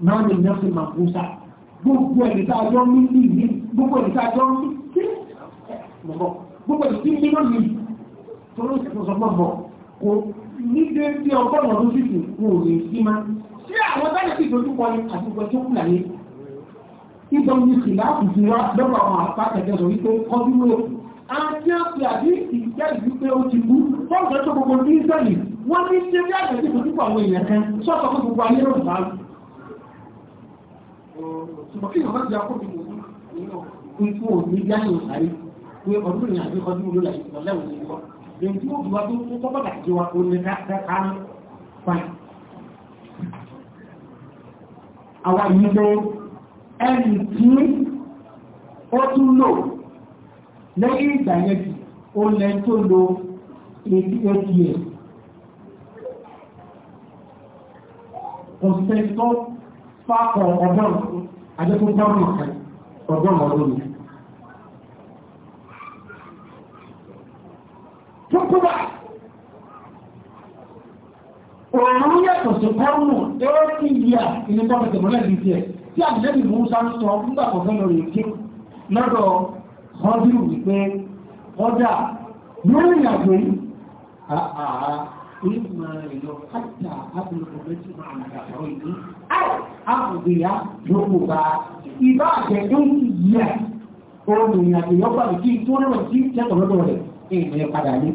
náà lè nẹ́sìn máa kú sá gbogbo ẹ̀dí tá a jọ ń ní ìlú gbogbo ẹ̀dí tá a jọ ń ní sí gbogbo ẹ̀dí tí ń nínú mi tó ló sì sọ gbọ́gbọ́ kò ní dé bí ọgọ́rùn ọdún sì sì kú òní sí máa sí àwọn táyà sì dojú kọ ni àti ìgbẹ́ tó kúlà yé ìbọn ní ìlà àbùsí wa lọ́wọ́ àwọn àpákẹ́kẹ́ sọ wípé ọdún ṣùgbọ́n kí ìyọ̀mọ́ ti akóbi ní fún òní yáyìn sáré pé ọdún ìrìn àjò ọdún olóòlà ìgbà lẹ́wọ̀n ní ìwọ́ lẹ́yìn tí ó bu wa tó kó kọ́ bàtà jẹ wa òní káàkà ń fain. àwa yìí lọ ẹni tí ó tún lò lẹ́yìn ìgbà yẹn jù ó lẹ́ tó lo eighty eight years. Kọ̀sẹ̀tọ́ fákọ̀ ọgbọ́n àjẹ́kún táwọn ọgbọ́n ọdún ni. Tókùbà òòrùn yàtọ̀ sí kọ́rùnù éèkì yíà ilé tọ́pẹ̀tẹ̀ mọ́lẹ̀ bí tiẹ̀ tí àjẹ́bì Musa ń sọ nígbà kọ̀ọ̀kan lórí ìdí lọ́dọ̀ ọdún wípé ọjà yóò rìn àjò yìí ah, ah, ah. إما حتى أبلغ مجمع البحرين أو أمضي ركبا إذا كنت omi àti ìyọ́pá ìdí tó lọ́wọ́ sí jẹ́tọ̀ lọ́dọ̀ rẹ̀ èèyàn yẹ padà ní.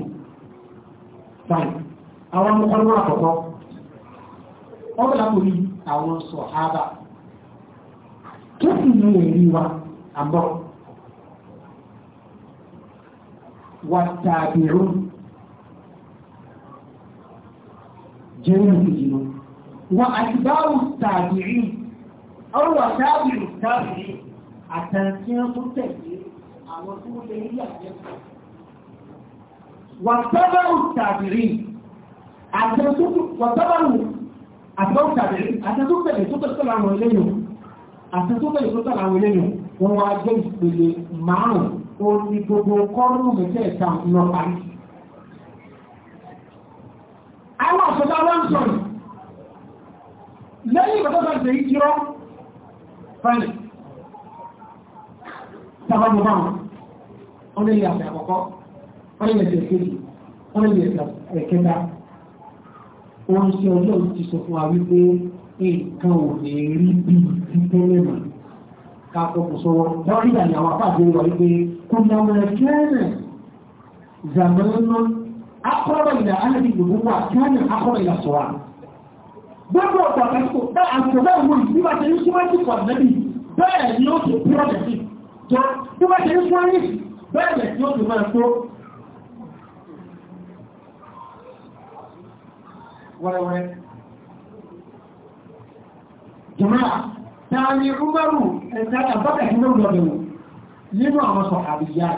fine àwọn ọmọkọ́lọ́wọ́ àkọ́kọ́ ọmọ ìlàkùnrin àwọn sọ̀hábà wa جريمة الجنون وأتباع التابعين أو تابع التابعين التنسيق التابعين àwọn tó lè rí àjẹ́kọ̀ọ́ wàtábàrù tàbírí àtẹ́tùkọ̀tàbàrù àtẹ́tùkọ̀tàbàrù àtẹ́tùkọ̀tàbàrù àwọn eléyìn àtẹ́tùkọ̀tàbàrù àwọn eléyìn wọn wá jẹ́ ìpele márùn-ún ó ní gbogbo kọ́rùn-ún mẹ́tẹ̀ẹ̀ta lọ parí àwọn àṣọ́dá wọ́n sọ̀rọ̀ lẹ́yìn ìgbàtọ́ta ṣe yí kírọ́ fẹ́lẹ̀ tàbátọ̀ bá wọn wọ́n lè yàtọ̀ àkọ́kọ́ wọ́n lè yàtọ̀ èkejì wọ́n lè yàtọ̀ ẹ̀kẹta wọ́n ṣe ọjọ́ ti sọ fún wa wípé nǹkan ò lè rí bí ti tẹ́lẹ̀ mọ̀ ká fọkù sọwọ́ lọ́rí ìdàgbà àwọn apá àgbẹ̀wò wípé kò nàmọ̀ ẹ̀kẹ́ rẹ̀ zàmọ́ náà akọ́rọ̀ ìlà alẹ́bí ìlú wà káàní akọ́rọ̀ ìlà sọ́wà gbogbo ọ̀pọ̀ àkàtúkò bá àkọ́rọ̀ ìwò ìbí bá tẹ̀lé súnmọ́tì pọ̀ nẹ́bí bẹ́ẹ̀ ni ó ti pírọ̀jẹ̀tì tó bí bá tẹ̀lé súnmọ́tì bẹ́ẹ̀ ni ó ti máa tó wẹ́rẹ́wẹ́rẹ́ jùmọ́ tààrí rúgbẹ́rù ẹ̀ta àbọ́kà ìlú lọ́dọ̀ nínú àwọn sọ̀hàbíyà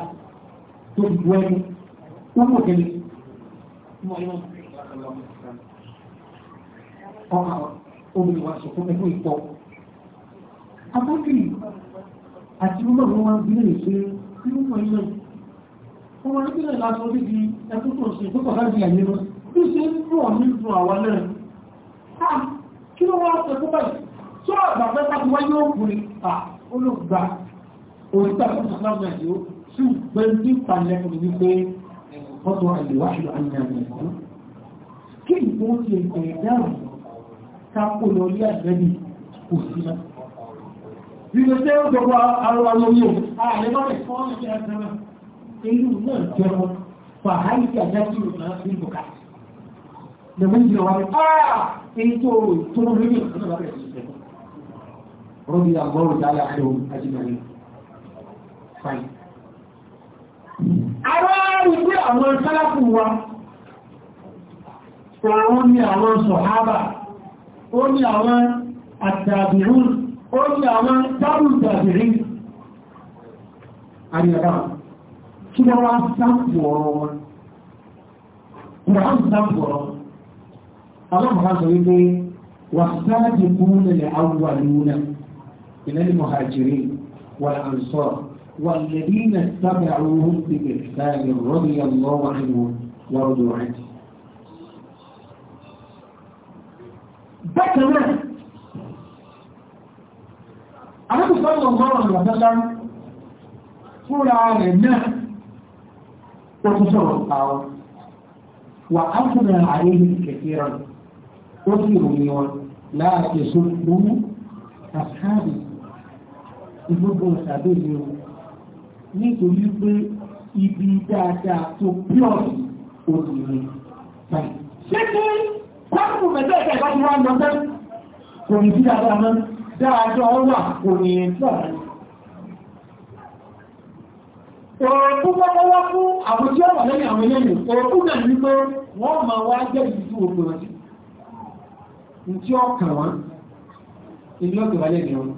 tó gbọ́ ẹni ó mọ̀ kẹ́lẹ́ ọmọ obìnrin wa sọ̀kún ẹkún ìpọ̀. Abákìrì àti ọmọ àwọn wa gbé lè ṣe nínú pọ̀ ilé. Wọ́n wá nígbà láti orí di ẹkún tó ṣe tó kọ̀ láti àyè lọ. Bí ṣe ń bọ̀ ní ju àwa náà. Ha! Kí ló wá ṣe kó báyìí? Sọ àgbà fẹ́ bá ti wáyé òkùnrin. À olùgbà òrìta fún ìsìlámù ẹ̀dọ́ sí ìgbẹ́ ní ìpàlẹ́ òní pé خطوة الوحي أن يكون كيف ممكن الإعدام تقول يا نبي كسنا Ìgbésẹ́ ọjọ́gbọ́ arọwà lórí ohun, ààrẹ̀mọ́rẹ̀ fọ́nà sí àtàrà, èyí náà jẹun, fàáyí kí àjájú ìrìnà sí ìbùkà. Lẹ̀mọ́ ìjọba rẹ̀, àà èyí tó rò tó rí ní ọ̀sán lábẹ̀rẹ̀ sí ìjọba. Rọ́bí àgbọ́rù dáadáa ṣe ohun ajímọ̀ àwọn arúgbé àwọn sálápù wa òun ni àwọn sọ̀hábà ó ní àwọn àtàbìrún ó ní àwọn dábùtàbìrín àríyàbá kí wọ́n wá sáàpù ọ̀rọ̀ wọn ìrọ̀hàn sáàpù ọ̀rọ̀ aláàmùhá sọ wípé wà sáàdì kúrò nílẹ̀ والذين اتبعوهم بإحسان رضي الله عنهم ورضوا عنه ذكر أنا صلى الله عليه وسلم قول على الناس وتصور القول وأثنى عليهم كثيرا أثنى مليون لا تصدوا أصحابي يصدوا أصحابي nítorí pé ibi dáadáa tó píọ̀sì òṣìṣẹ́ báyìí. ṣé kí pápákọ̀ mẹ́tẹ́ ẹ̀ka ìbá wá lọ pé kò ní sí dáadáa mọ́ dáadáa ó wà kò ní ẹ̀ńtọ́ rẹ̀. Òòrùn púpọ̀lọ́wọ́ fún àwọn tí ó wà lẹ́yìn àwọn eléyìn, òòrùn náà ní pé wọ́n máa wá jẹ́ ìdíjú òpin ọ̀sẹ̀. Ntí ọkàn wọn, ìlú ọ̀gbìn wà lẹ́yìn wọn.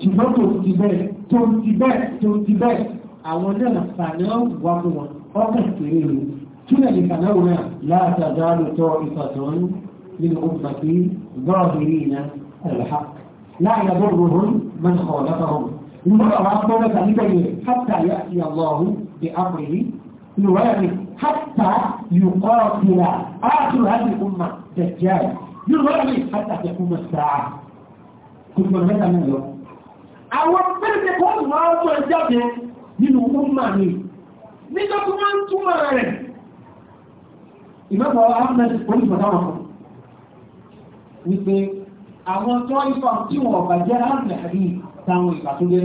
Ṣùgbọ́n tó ti bẹ́ẹ̀, tó ti bẹ́ẹ̀, tó ti bẹ́ẹ̀. àwọn náà fàná wà fún wọn ọkàn kéré ni kí náà lè fàná wọn náà láàtà dáàlù tọ ìfàtàn nínú ọgbàgbé gbọ́ọ̀dìrí iná alhaq láàyè bọ́ọ̀rùn man khalafahum nígbà wà gbọ́dọ̀ tàbí bẹ̀yẹ hátà yà sí àlọ́hù bí amrihi nínú wáyà ni hátà yuqatila áàtù hàbí umma dajjal nínú wáyà ni hátà takuma sáà kùtùmọ̀ mẹ́ta mẹ́lọ. àwọn pẹ́ẹ́sì kọ́ọ̀tù wọn á sọ ìjáde nínú ọmọ mi nígbà tó wọ́n ń túmọ̀ rẹ̀ ìmọ̀pọ̀ ahmed onímọ̀ táwọn kan wípé àwọn tó ń fa tí wọ́n bàjẹ́ ahmed àbí táwọn ìgbà tó jẹ́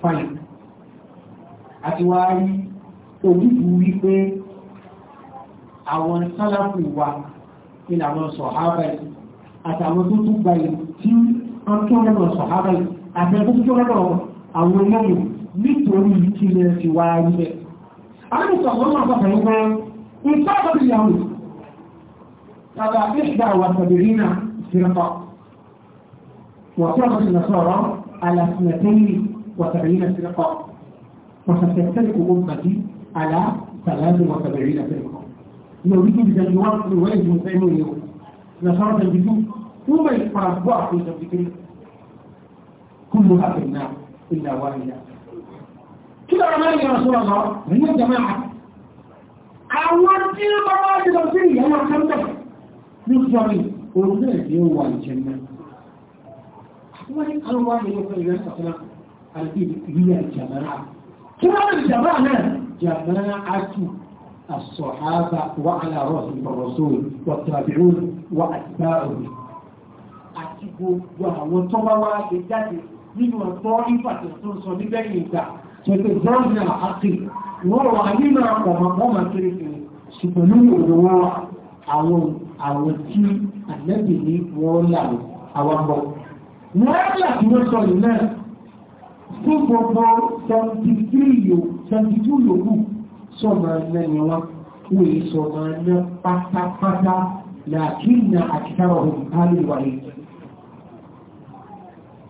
fine àti wá rí ojúbù wípé àwọn sálàfù wa ní àwọn sọ̀hábà àtàwọn tó tún gbayè tí wọ́n tó lọ́nà sọ̀hábà yìí àti ẹgbẹ́gbẹ́ lọ́dọ̀ àwọn olóòmù nítorí ìkìlẹ̀ ti wá ilẹ̀. Àmìsọ̀ wọ́n máa sọ̀rọ̀ ẹgbẹ́ ìfẹ́ àbọ̀dì ìyàwó tàbí àfihàn àwọn àtàbìrí náà ìfìrẹ́pọ̀. Wọ́n tí wọ́n ti lọ sọ̀rọ̀ alàsìnàtẹ́yìn وسبعين فرقة وستفترق أمتي على ثلاث وسبعين فرقة نريد بذلك الوقت الوالد المسلمين نشرة الجدود ثم يتفرق بعض في تفكير كلها في النار إلا واحدة كده رمالي يا رسول الله من الجماعة أوتي بابا جبرتي أنا كنت نصري في يوم الجنة أنا واحد يوم الجنة أنا هي الجماعة كما الجماعة جماعة الصحابة وعلى رأسهم الرسول والتابعون وأتباعهم أتبوا وهو أنا وجدته nínú ẹ̀kọ́ ìfàtẹ̀ tó sọ nígbẹ̀yìn ìgbà pẹ̀lú bọ́ọ̀nà àti wọ́n wà nínú ọmọkọ́mọ kiri kiri ṣùgbọ́n nínú òwò àwọn àwọn tí àlẹ́bì ní wọ́n là àwọn bọ̀. wọ́n là tí wọ́n sọ yìí náà fún gbogbo seventy three yòó seventy two yòókù sọ̀mọ̀ ẹ̀nà ni wọ́n wọ́n yìí sọ̀mọ̀ ẹ̀nà pátápátá làákìnnà àti táwọn òkú kálí wà yìí.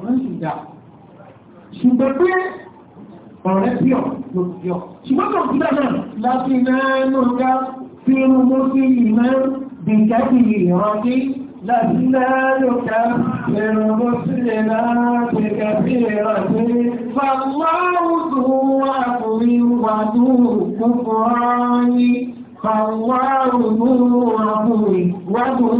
ọ̀rẹ́ sì dà ṣùgbọ́n pé ọ̀rẹ́ bí ọ̀ ló bí ọ̀ ṣùgbọ́n kò sí náà láti náà ló dá sí irun mú sí ìmọ̀ bìkẹ́bì ìrántí láti náà ló dá irun mú sí ìmọ̀ bìkẹ́bì ìrántí fàlọ́ òṣùwọ̀n àkùnrin wà tó kúkúrọ́ yìí. فالله نور أبوي وذو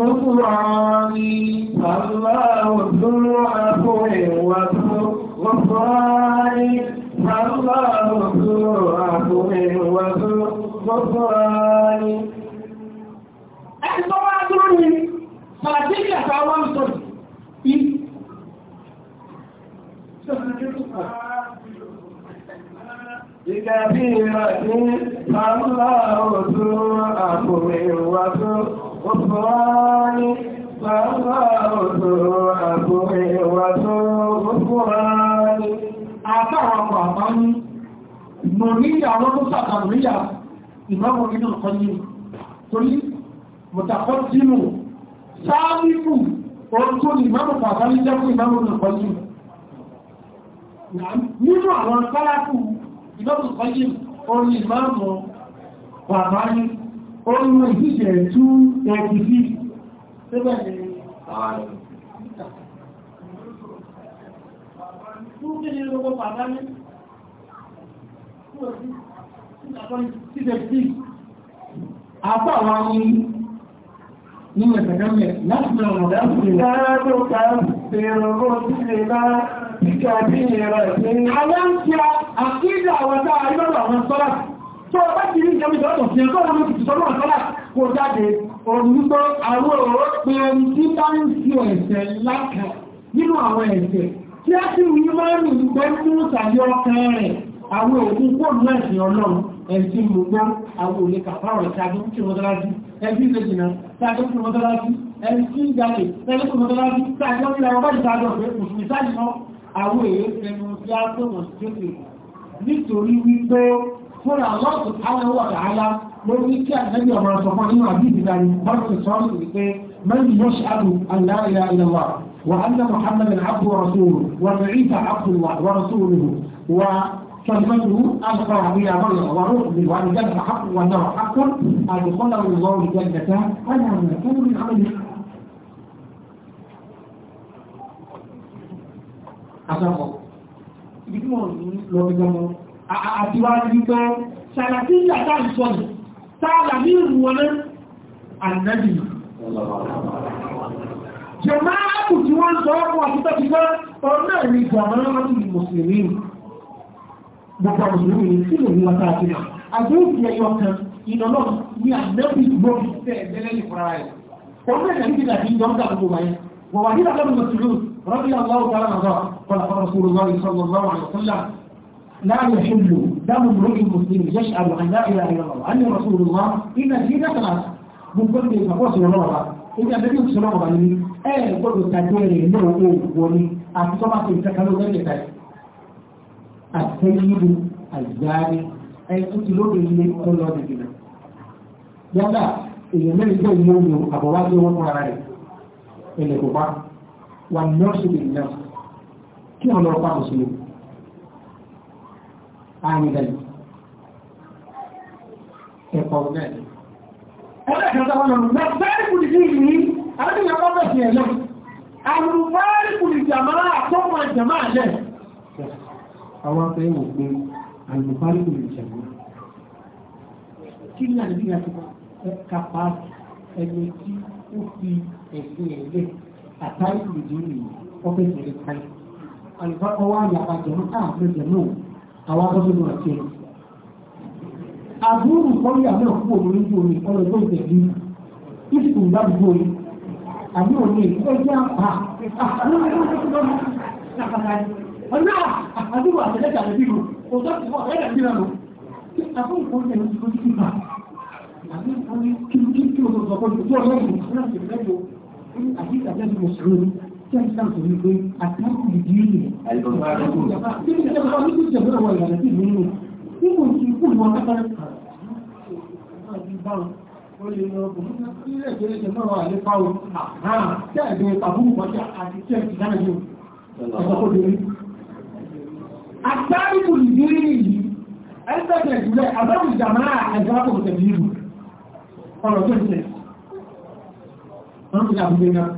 غفراني فالله ذو أبوي وذو غفراني فالله ذو أبوي وذو غفراني Ẹgbọ́n wá dúró ní Fàtíkì àtàwọn sọ̀rọ̀. بكبيرة الله سوء أقوم وسوء غفران فالله سوء أقوم وسوء غفران أعطاهم رحمن نريد أن نصدق الرجال إمام ابن القيم قل متقدم سابق قلت الإمام فضل جمع إمام ابن القيم نعم نعم على الثلاث ìbábùn kọjí orí ìmáàmù bàbá ní orí ìjíṣẹ́ 236 tẹ́bẹ̀ ni àwọn fún kí ni gbogbo bàbá ní Àpá àwọn ni ní mẹ̀tẹ̀kẹ́mẹ̀ láti mẹ́rànlọ́dá fún ìdára tó kàá fèrò ó sí lè bá ìjọ bí ìrọ̀ ìpín àwọn ń fi àkídà àwọn dáa ìlọ́rọ̀ àwọn sọ́lá tó ọba ti rí ìjọba ìjọba ìjọba ìjọba ìjọba ìjọba ìjọba sọ́lá kó jáde orúgbọ́ àwọn òwò pé ẹni tí bá ń fi ẹ̀ṣẹ̀ lákà nínú àwọn ẹ̀ṣẹ̀ tí a sì rí máa ń rìn pé fún ìsàlẹ̀ ọkàn rẹ̀ àwọn òkun kó nù ẹ̀sìn ọlọ́run ẹ̀sìn gbogbo àwọn òlè kàfáwọn ẹ̀ṣẹ̀ agbóhùn tí wọ́n dára sí ẹbí ìrẹ́jìnà tí a tó fún ọmọdé láti tí a tó fún ọmọdé láti tí a tó fún ọmọdé àwọn èèyàn tẹnu tí a tó mọ̀ sí nítorí wípé fúnra lọ́sùn táwọn wà láàlá lórí kí àtẹ́bí ọmọ ọ̀sọ̀kan nínú àbíbí náà ní bọ́ọ̀sì sọ́ọ̀sì wípé mẹ́rin yóò ṣàlù aláìlá ìlọ́wà wà á ní muhammed wà ní ìta wà كلمته àtọ́kọ̀. Ibi tí wọ́n lọ bí gbọmọ, àti wá ní gbọ́, ṣàlàtí ìyà táà ń sọ́nù, táàlà ní ìrù wọn ànàbì. Jọmá ápù tí wọ́n sọ ọkùn àtútọ́ ti gbọ́, ọ̀nà ní ìgbàmọ́ Wọ̀wà nílò ọlọ́run Mùsùlùmí, rọ́bí Allah ọ̀tọ́ ọ̀rọ̀ قال قال رسول الله صلى الله عليه وسلم لا يحل دم امرئ مسلم يشهد ان لا اله الا الله ان رسول الله اذا في ثلاث gbogbo ìgbà pọ̀ sí ọlọ́wọ́ bá ibi abẹ́bí òṣìṣẹ́ ọlọ́wọ́ bá ní ẹ gbọ́dọ̀ tàbí ẹ̀rẹ̀ ní owó wọlé àti tó bá fi ìkẹ́kẹ́ ló lẹ́yìn ìta àtẹ́yìnbó àìjáde ẹ tó ti lóde ilé ọlọ́ dìgbìnà yálà èèyàn mẹ́rin jẹ́ ìlú òyìnbó àbọ̀wá tó wọ́n fúnra rẹ̀ ẹ̀lẹ́kọ̀ọ́ wà ní ọ̀ṣun ìlú náà kí wọ́n lọ pa mùsùlùmí àmì lẹ́nu ẹ̀kọ́ náà ẹlẹ́kẹ̀ẹ́ta wọn lọ́nà náà fẹ́ẹ́ kù sí ìlú àti ìyàpọ̀ bẹ̀ sí ẹ̀lẹ́ àlùfáàrí kù sí jàmá àtọ́mọ̀ jàmá àlẹ́ àwọn afẹ́ wò pé àlùfáàrí kù sí jàmá kí ní àdébí àti kápá ẹni tí ó fi ẹ̀sìn ẹ̀lẹ́ àtàrí kù sí ìlú ọ́fẹ́sì ẹ̀lẹ́ àlùfáà wà ní àbájẹ̀mú káàkiri àwọn akọ́sọ́nù àti ẹ̀rọ. àbúrò kọ́lé àmì òkú òmìnirí ju omi ọ̀rọ̀ tó ìtẹ̀lé ìsìnkú ìdádúgbò yìí àmì òní ìfẹ́ jẹ́ àpá ọ̀nà àdúgbò àtẹ̀lẹ́jà rẹ̀ bílò kò tó ti fọ́ ẹ̀rẹ̀ bílò lọ. àbúrò kọ́lé àmì òkú ti bà àmì òkú kí kí kí o tó sọ pé ojú ọlọ́run náà ti fẹ́ lọ àti ìtàjẹ́ ti mọ̀ tí a ti dáhùn sọ wípé àtàkù ìdí ìlú nínú, tí kò sí kú wọn kápá. Wọ́n lè lọ bùn ní ilé ìgbèrèjì náà wà nípa o. Tí ẹ̀dẹ̀ tàbúrù kọjá àti tí ẹ̀dẹ̀ dára yóò. Ẹ̀sọ́ kó lè rí.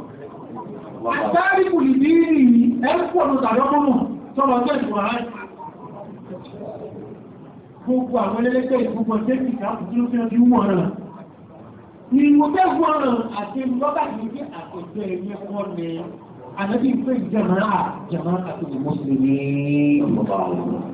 àtàrí kùlìdí ní ẹ́pọ̀lù tàbọ́mọ̀ tọ́lọ ọjọ́ ìgbòrán gbogbo àwọn ẹlẹ́lẹ́gbẹ́ ìgbogbo tẹ́kì káàkùn tí ó fi wọ́n rán ni mo fẹ́ wọ́n rán àti lọ́gbà ní pé àkọ́jọ́ ẹ̀yẹ wọ́n ní àlẹ́bí pé jàmáà jàmáà àti mùsùlùmí ọ̀pọ̀lọpọ̀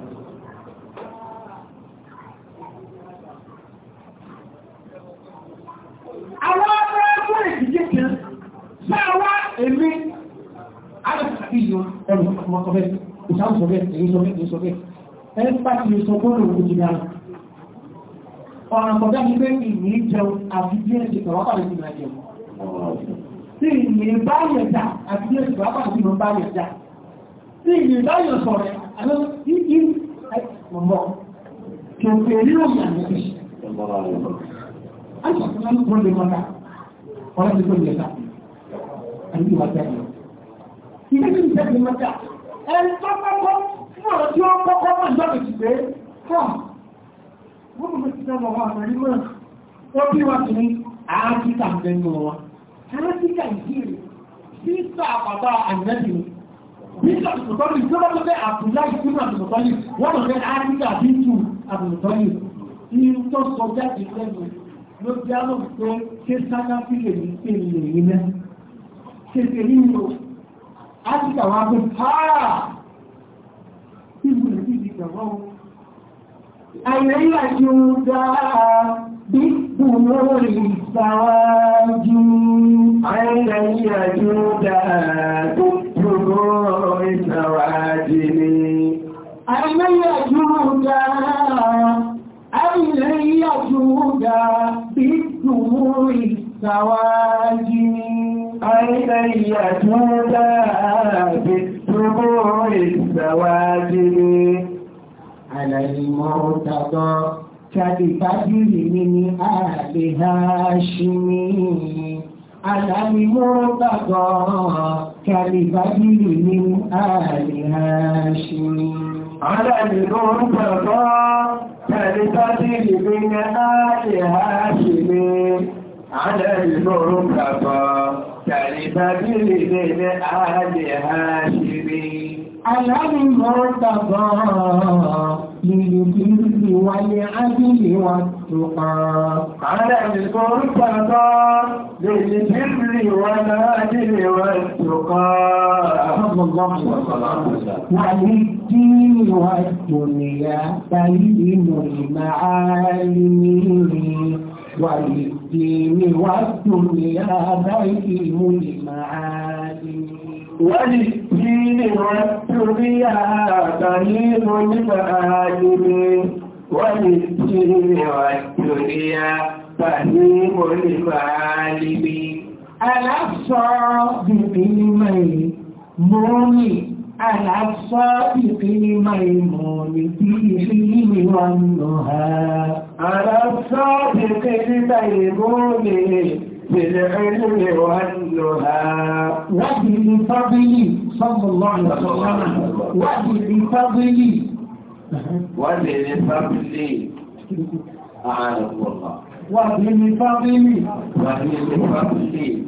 ọmọ sọ bẹ́ẹ̀ ìṣàmù sọ bẹ́ẹ̀ èyí sọ bẹ́ẹ̀ èyí sọ bẹ́ẹ̀ ẹni bá ti lè sọ bọ́ọ̀lù òkú dára ọ̀rọ̀ kọjá ní pé ìní jẹun àti bí ẹ̀ṣẹ̀ kọ̀wá pàdé sí ìrìnàjò tí ìní bá yẹ̀ dá àti bí ẹ̀ṣẹ̀ kọ̀wá pàdé sí ìrìnàjò bá yẹ̀ dá tí ìní bá ẹni tó kọ́kọ́ náà tí ó kọ́kọ́ náà yọ̀bì ti pé fún wọn mú ti dáná wọn àmàrí mọ́ ó bí wọn ti ní áfíríkà ń bẹ nù wọn áfíríkà ìjírí sísà bàbá àyẹ̀dì bísà tòtòtòlì tí wọ́n tó fẹ́ àbúlá ìsinmi àbùtòtòlì wọ́n tó fẹ́ áfíríkà bí tù àbùtòtòlì ní tó sọ jáde lẹ́nu ló bí á lóòótọ́ ṣé sáyà fílẹ̀ ní pé ìlẹ̀ yìí náà ṣe áfíríkà wá gbé pààrà tí mo lè fi ìgbàgbọ́ àìrẹ́yà tí ó dáa bí kùnú ìsáwájú àìrẹ́yà tí ó dáa bí kùnú ìsáwájú ni àìrẹ́yà tí ó dáa أَلَّا يَجُودَ بِالدُّمُوعِ السَّوَاجِمِ عينا يتوبا بالدموع السواجل على المرتضى كالفجر من آل هاشم على المرتضى كالفجر من آل هاشم على المرتضى كالفجر من آل هاشم على المرتقى تعرف بلدن آل هاشمي على المرتقى للبر والعدل والتقى على المرتقى للبر والعدل والتقى وللدين والدنيا سليم المعالم والدين والدنيا بين المعادن والدين والدنيا بين المعادن والدين والدنيا بين المعادن ألف صادق من مؤمن الصادق الميمون فيه والنهى على الصادق الميمون بالعلم والنهى وبالفضل صلى الله عليه وسلم وبالفضل وبالفضل أعانكم الله وبالفضل وبالفضل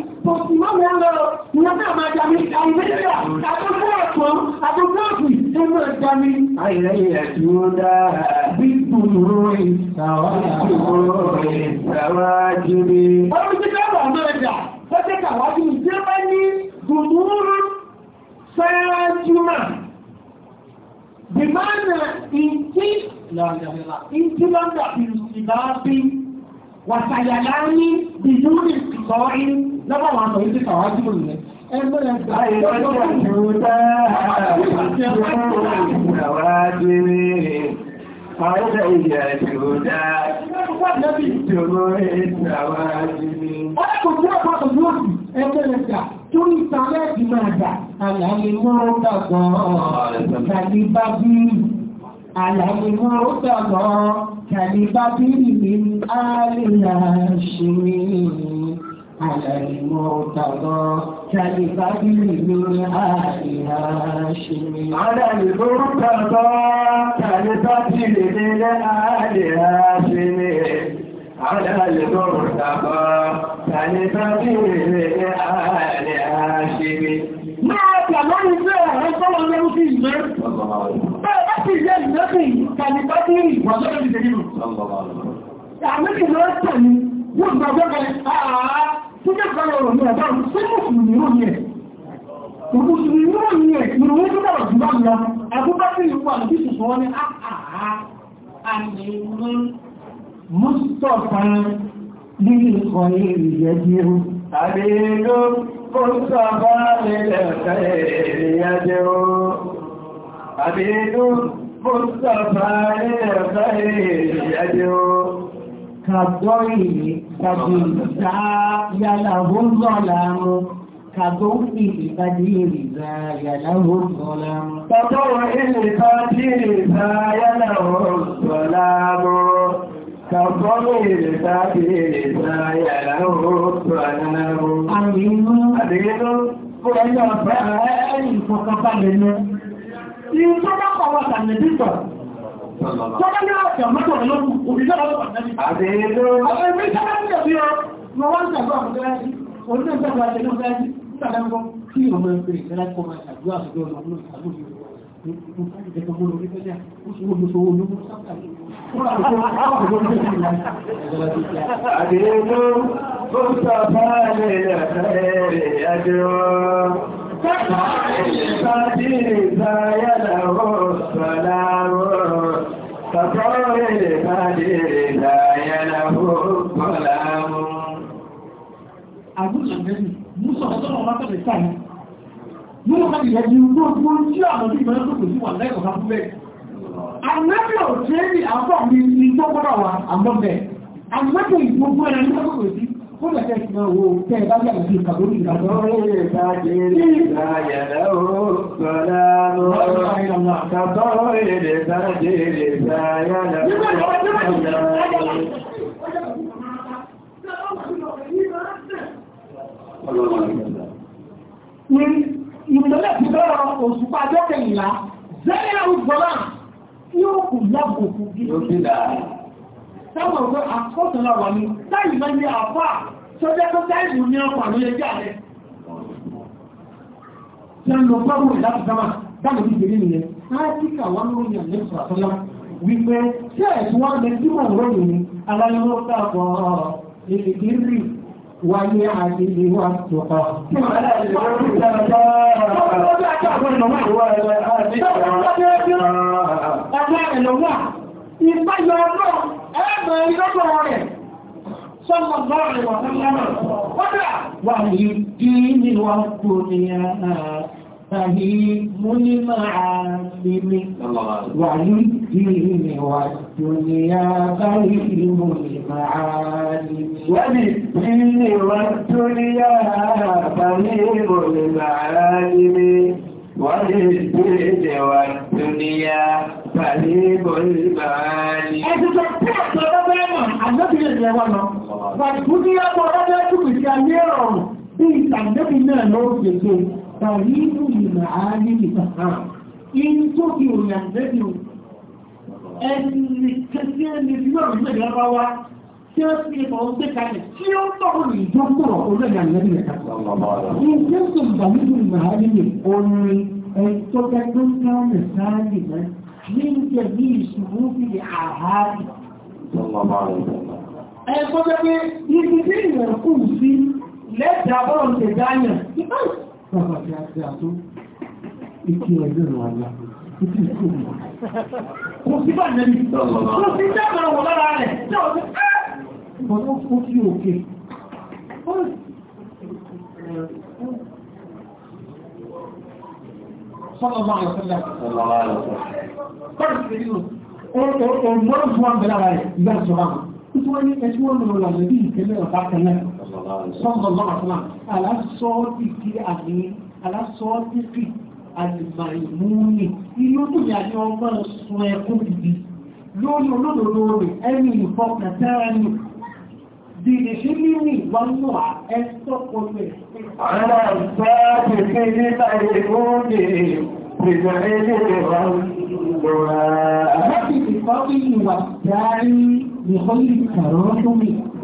kò sì má mẹ́ lọ ìyẹn náà máa jà mí àìmẹ́lẹ́yà àtúntò ọ̀tún àtúntò ọ̀tún tó máa jà mí. àìlẹ́yà tí ó dáa bí kùnú ìsàwá ìsàwá jírí. ọdún tí ká wà máa jà pẹ́tẹ́ kàwájú ìdí bá ní gùnúrú sáájúmà. bìmánà ìdí ìdí lọ́dà ìdí wàtàyàlá ní bìdúrì sọ in lọ́wọ́ àwọn àtọ̀ yìí ti kàwá sí òun rẹ̀. Ẹgbẹ́ ẹgbẹ́ ẹgbẹ́ ẹgbẹ́ ẹgbẹ́ Torí ìtàlẹ́ ìdìmọ̀ àgbà, àlàyé mọ́ ọ́gbàgbọ́ ọ̀rọ̀ ìgbàgbé bá bí Àlàmìmọ́ ó dàgbọ́ kàlíbá bírì ní àlìyà ṣe Àlàmìmọ́ ó dàgbọ́ kàlíbá bírì ní àlìyà ṣe Àlàmìmọ́ ó dàgbọ́ kàlíbá bírì ní àlìyà ṣe Àlàmìmọ́ ó dàgbọ́ kàlíbá bírì ní àlìyà ṣe ti àmọ́rí ilé ọ̀rẹ́ sọ́wọ́ lẹ́rú sí ìgbé bẹ́ẹ̀ bá ti jẹ́ ìgbẹ́sìn kàníkà sí ìwọ̀n lọ́rọ̀ ìdẹ̀yìn àmìkì ló tẹ̀lé wọ́n gbàgbọ́gbẹ́ àà tí jẹ́ kọ́rọ̀ ọ̀rọ̀ ní ọ̀dọ́ sí mùsùlùmí ó yẹ mùsùlùmí ó yẹ ìrùwé tó bọ̀rọ̀ jù bá ń lọ àbúgbà sí ìlú wà níbi ìṣòṣò wọn ni àà àmì mustapha bí ìkọ̀ ìrìyẹ́ bí ó مصطفى للخير يدعو عبيد مصطفى للخير يدعو كالضري فبدا يله الظلام كضوء البدير ذا يله الظلام كضوء البدير ذا يله الظلام Kàbọ́lẹ̀ ìrẹ̀sáàbẹ̀ ìrẹ̀sáàyà láwọ́ tó àdánáwó. Àrínú. Àdìyẹ́ ló fún ẹjọ́ ọ̀pẹ́ ẹ̀yìn ìfọ̀kànbalẹ̀ náà. Ìjọba kọ̀ wọ́n tàbí títọ̀. Tọ́lá ní ọ̀sẹ̀ mọ́tò rẹ̀ lọ́rùn, òbíjọ́ lọ́rùn. Àdìyẹ́ ló. Àwọn ẹgbẹ́ ìjọba ń tẹ̀bí ọ. Mo wá ń tẹ̀bí ọ̀pẹ́ ẹ̀yìn. Orílẹ̀-èdè ìjọba ìjọba ìjọba ìjọba ìjọba ìjọba ìjọba ìjọba ìjọba ìjọba ìjọba ìjọba ìjọba ìjọba mo sáré jẹ́kọ̀ mọ́ lórí fẹ́lẹ́ ó sì wọ́n sọ owó lórí sáfà Àdínú ó sàfà lè lẹ́rẹ̀ àjọ. Sáàdì mú sọ̀rọ̀ sọ̀rọ̀ wá tọ̀lẹ̀ sáà yóò ká ìyẹn di gbogbo tí àwọn tí ìbẹ̀rẹ̀ tó kò sí wà lẹ́kọ̀ọ́ ká fúnbẹ̀. Ànábì ò ṣe é ní àbọ̀ mi ní tó gbọ́dọ̀ wà àmọ́ ìmọ̀lẹ̀ ti bẹ̀rẹ̀ òṣùpá ọjọ́ kẹyìnlá zẹ́yìn àwùjọ́lá yóò kù lábò fún gíga. Táwọn ọ̀gbẹ́ àkọ́sọ̀lá wà ní táyì máa ń ní àfà sọ́jà tó táyì mú ní ọkọ̀ àmì ẹjẹ́ àlẹ́. Ṣé ń lọ pẹ́rù ìdáàbò sáma dáàbò ti gbèrè nìyẹn? Á ti kà wá ló ní àlẹ́ sọ̀rọ̀ àtọ́lá wípé ṣé ẹ̀sùn wọn lè tí mò ń rọ̀ yìí ni aláyọ̀wọ́ sáà والعدل والتقى Ìpáyọ̀ ọlọ́run ẹ̀mọ̀ ìlọ́gbọ̀n rẹ̀ sọ́mọ̀ lọ́rẹ̀ wà ní dí nínú wà ní الدين والدنيا غير المعالي وللدين والدنيا غير المعالم وللدين والدنيا غريب المعالي Fàìkúdíyà bọ̀ ọ̀rọ̀dá túbì sí ayé ọ̀rùn bí ìtàndẹ́bì náà lọ́wọ́ gbèsè, tàbí ìlú ìmọ̀ ààrí ìtàkà. Inú tó fi òyìn àndẹ́bì ẹni kẹsí ẹni tí náà rí lẹ́gbẹ̀ẹ́ bá wá tí ó fi ìmọ̀ gbé kalẹ̀ tí ó tọ̀rọ̀ ní ìjọ́kùrọ̀ olóògbà ní ẹgbẹ̀rẹ̀ kan. ìyẹn tó ń bà nínú ìmọ̀hárí orin ẹni tó ń ká ní sáàlì náà ní ń jẹ bí ìṣòro fi àhárì. ẹni tó pé ibi tí ìrẹ̀ kù sí lẹ́tà bọ́ọ̀lù tẹ̀dáyà bàbá ti àti àtó ìkí ọjọ́ ìrọ̀ Kò sí bá nẹ́bí, kò sí dábàá wọ̀ lára rẹ̀, tí ó ti ẹ́. Ìbọn ó kó sí òkè. Sọ́lọ́ máa lọ sílẹ̀. Sọ́lọ́ máa lọ sílẹ̀. Bọ́ọ̀lù ti rí lò. Òmùwọ́n fún wa bẹ̀rẹ̀ rẹ̀ ìgbà ìṣọ́lá. Nítorí wọ́n ní ẹjú wọn lọ lọ́dún bí ìpínlẹ̀ ọ̀tá kan náà. Sọ́lọ́ máa lọ sílẹ̀. Àlásọ́ọ́ àlùmọ̀ ìmúni inú tó yà ní ọgbọ́n sun ẹkún bìbí lórí olódodo rẹ̀ ẹni ìfọkàn tẹ́ra ní dìde sí mímì wánú ẹ̀sọ́ pọ̀lẹ̀. Àwọn àgbà kìí nípa ìmúni ìgbà ilé ìwọ̀n lọ́ra. Láti ìfọ́bí ìwà dárí بخير التراحم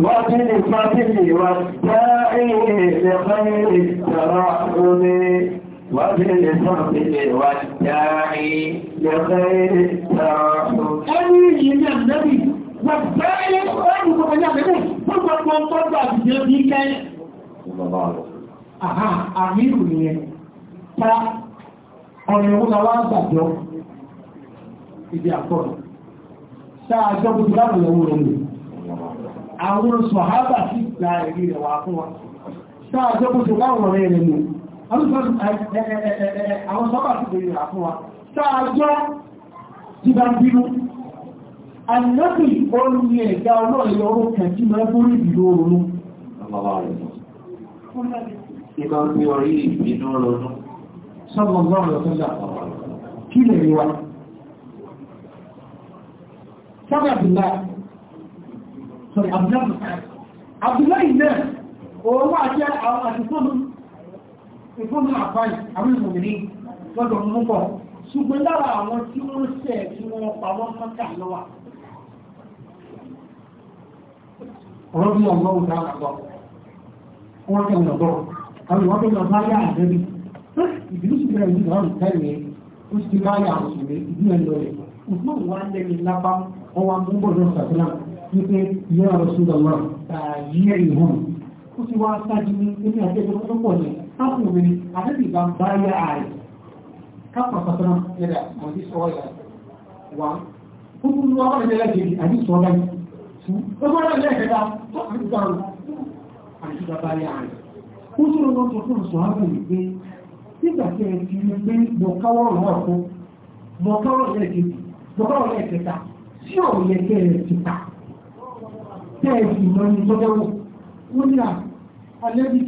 وفي الفضل والداعي بخير التراحم وبالفضل والداعي لخير الترحم أي يا النبي والداعي أي من يعمله فقط من طبع بجنبك صلى الله عليه وسلم Aha, àmírù nìyẹn. Ta ọ̀rọ̀ ìwọ́n náà wá gbàjọ́ ìdí àkọ́rọ̀. Sáà jọ gbogbo láàrín ẹ̀wọ̀n rẹ̀ lè. Àwọn sọ̀hábà sí ìgbà ẹ̀rí rẹ̀ wà fún wa. Sáà jọ gbogbo láàrín ọ̀rẹ́ rẹ̀ lè àwọn sọ́bà ti bèèrè àfún wa táà jẹ́ jìbàbínú annabi orin ẹ̀dá ọlọ́rẹ̀ ọrọ̀ kẹjí máa bórí ìlú oòrùn ìbá ń pè orí ìbínú lọ́nà sọ́bọ̀ lọ́rọ̀ lọ́sọ́lá kí lè rí wa sábàbìlá sọ̀rọ̀ àbúlá ìlẹ̀ òun àti àwọn àti sọ́bọ̀ ìfúnni àbáyì àwọn ìmòmìnì lọ́dọ̀ mú bọ̀ ṣùgbọ́n lára àwọn tí wọ́n ṣẹ̀ tí wọ́n pa wọ́n lọ́wà ọ̀rọ̀ bí ọ̀gbọ́n ọ̀gbọ́n lẹ́ni lápá ọwọ́ amúgbọ̀dọ̀ sàtúnà wípé ìyá ọ̀rọ̀ sódà wà tààyè ìhùn ó sì wá sáájú ní ilé àjẹjọ́ pọ̀ yẹn ọkùnrin àdébì bá ń bá yá ààrẹ kápá pàtàkì yẹ́dà àti sọ́ọ̀yà wà gbogbo ní wọ́n rẹ̀ lẹ́gbẹ̀ẹ́ àti sọ́ọ̀yà gbogbo rẹ̀ lẹ́gbẹ̀ẹ́ta tó àti gbàrù àti bàbá yá ààrẹ ó sọ̀rọ̀ lọ sọ fún ìṣọ́ ààrẹ yìí pé nígbà tí ẹ ti rí pé mọ̀káwọ́ rọ̀ ọ̀kọ́ mọ̀káwọ́ lẹ́gbẹ̀ẹ́ mọ̀káwọ́ lẹ́gbẹ̀ẹ́ta tí ò yẹ kẹ́ ẹ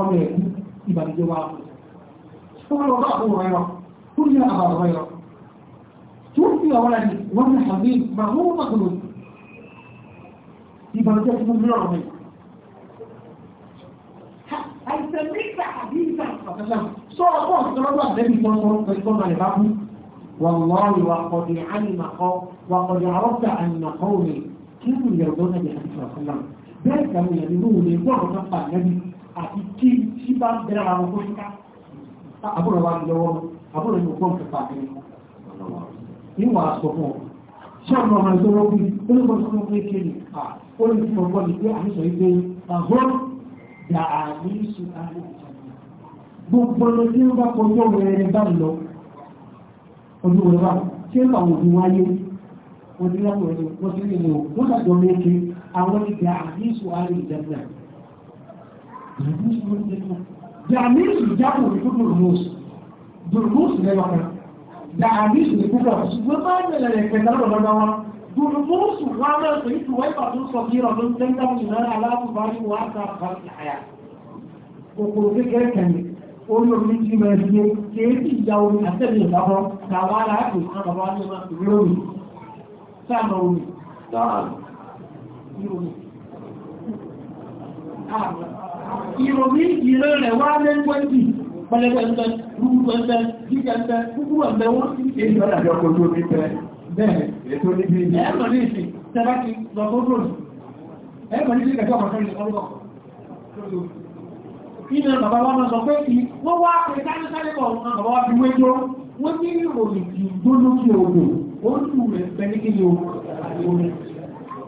ọmọ ẹ̀kú ìbànújẹ́ wà fún un. Ó lọ bá àbúrò rẹ̀ lọ, ó ní àbàrò rẹ̀ lọ. Tí ó fi ọ̀rọ̀ rẹ̀ wọ́n ní àbí máa mú màkùnú. Ìbànújẹ́ tí mo ní ọ̀rọ̀ mi. Àìsàn nígbà àbí ìgbà ọ̀sán sọ̀rọ̀ pọ̀ sọ̀rọ̀ àbẹ́bí kan sọ̀rọ̀ pẹ̀lú ọ̀nà ìbámu. والله وقد علم وقد عرفت أن قومي كانوا يرضون بحديث رسول الله àti kí tí bá bẹ̀rẹ̀ àwọn ọmọ ìka àbúrò wa lọ́wọ́ àbúrò ní ọgbọ́n kẹfà kiri níwà sọ fún ọ ṣé ọmọ ọmọ ìṣòro bí olùkọ́ tó ń pè ké ní à ó lè fún ọgbọ́n ní pé àmì sọ wípé àgọ́ dà á ní sùn àlè gbogbo ọ̀nà tí wọ́n bá kọjú ọ̀rọ̀ ẹ̀rẹ̀ bá àwọn ìgbà àdíṣù àrùn ìjàmbá They are mixed with that of the people of Rose. The Rose never come. They are mixed with the people of Rose. Wọ́n bá ń bẹ̀rẹ̀ ìpẹ̀lẹ̀ lọ́dọ̀ wọn. Dùnú Mọ́sù wá náà pé kí wọ́n ìpàdé sọ bí ọdún tẹ́ńtà mi náà aláàbùbárí wà á ká àbárí àyà. Kòkòrò kékeré kẹ̀lé. Olórí ti máa ṣe kéèkì ìjà omi àtẹ̀lẹ̀ ìdábọ̀ tàwa aláàbò kan bàbá wa ní ọmọ ìlú omi. Sáà lọ omi. Sáà lọ omi ìròyìn ìrẹ́ rẹ̀ wá lẹ́gbẹ́ntì pẹlẹgbẹ́ntẹ́ rúgbẹ́ntẹ́ jíjẹntẹ́ kúkú ọ̀gbẹ́ sí èdè ọ̀dàjọ́ ní pẹ́ bẹ́ẹ̀ ètò níbi ìlú ẹ̀rọ ní ìsìn tẹ́bàkì lọ́gbọ́gbọ́ kí wọ́n wá wọ́n ní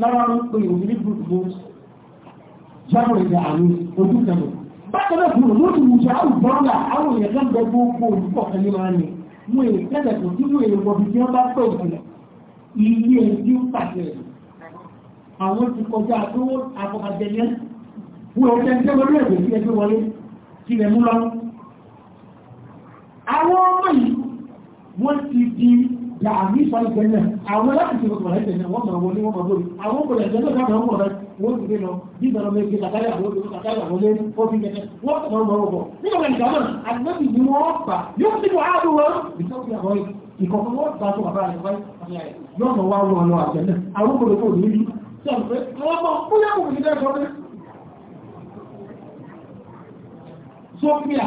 lára ń pè òun ní gbogbo jáwọ̀ ìjà àrùn ojú tẹ̀lọ̀. bákan náà kúrò lóṣù wùjọ àwùjọ́là àwọn èèyàn kan bẹ gbogbo olùkọ́ kan ní máa ń ní mú èyí tẹ́lẹ̀ tó tí mú èyí wọ̀bí tí wọ́n bá pẹ̀ ìpìlẹ̀ ilé ẹ̀dí pàṣẹ àwọn ti kọjá tó àfọkàjẹyẹ wọ́n ẹgbẹ́ ń tẹ́wọ́ lórí ẹ̀dẹ̀ sí ẹgbẹ́ wọlé tilẹ̀ mú lọ. àwọn ọmọ yìí wọ́n ti di da àmì sọ ìgbẹ́ náà àwọn ti gbọdọ̀ ẹ̀jẹ̀ náà wọ́n mọ̀ wọlé wọ́n mọ̀ lórí àwọn kò lè jẹ́ náà káàkiri wọ́n ti gbé lọ bí ìgbà lọ́mọ ẹgbẹ́ kàkàrí àwọn olóògbé kàkàrí àwọn olóògbé wọ́n ti gbẹ̀tẹ̀ wọ́n mọ̀ mọ̀ wọ̀ nígbà wọn ìgbà náà àdínẹ́bì ni wọ́n bà yóò ti wà á lò wọ́n ìtọ́jú àwọn ìkọ̀kọ̀ wọ́n gbà tó bàbá rẹ̀ wáyé yóò mọ̀ wá wọn lọ àjẹ́ náà àwọn kò lè kò lè rí sọ̀rọ̀ pé àwọn ọmọ bóyá kò lè dẹ́kọ̀ọ́ ní sófíà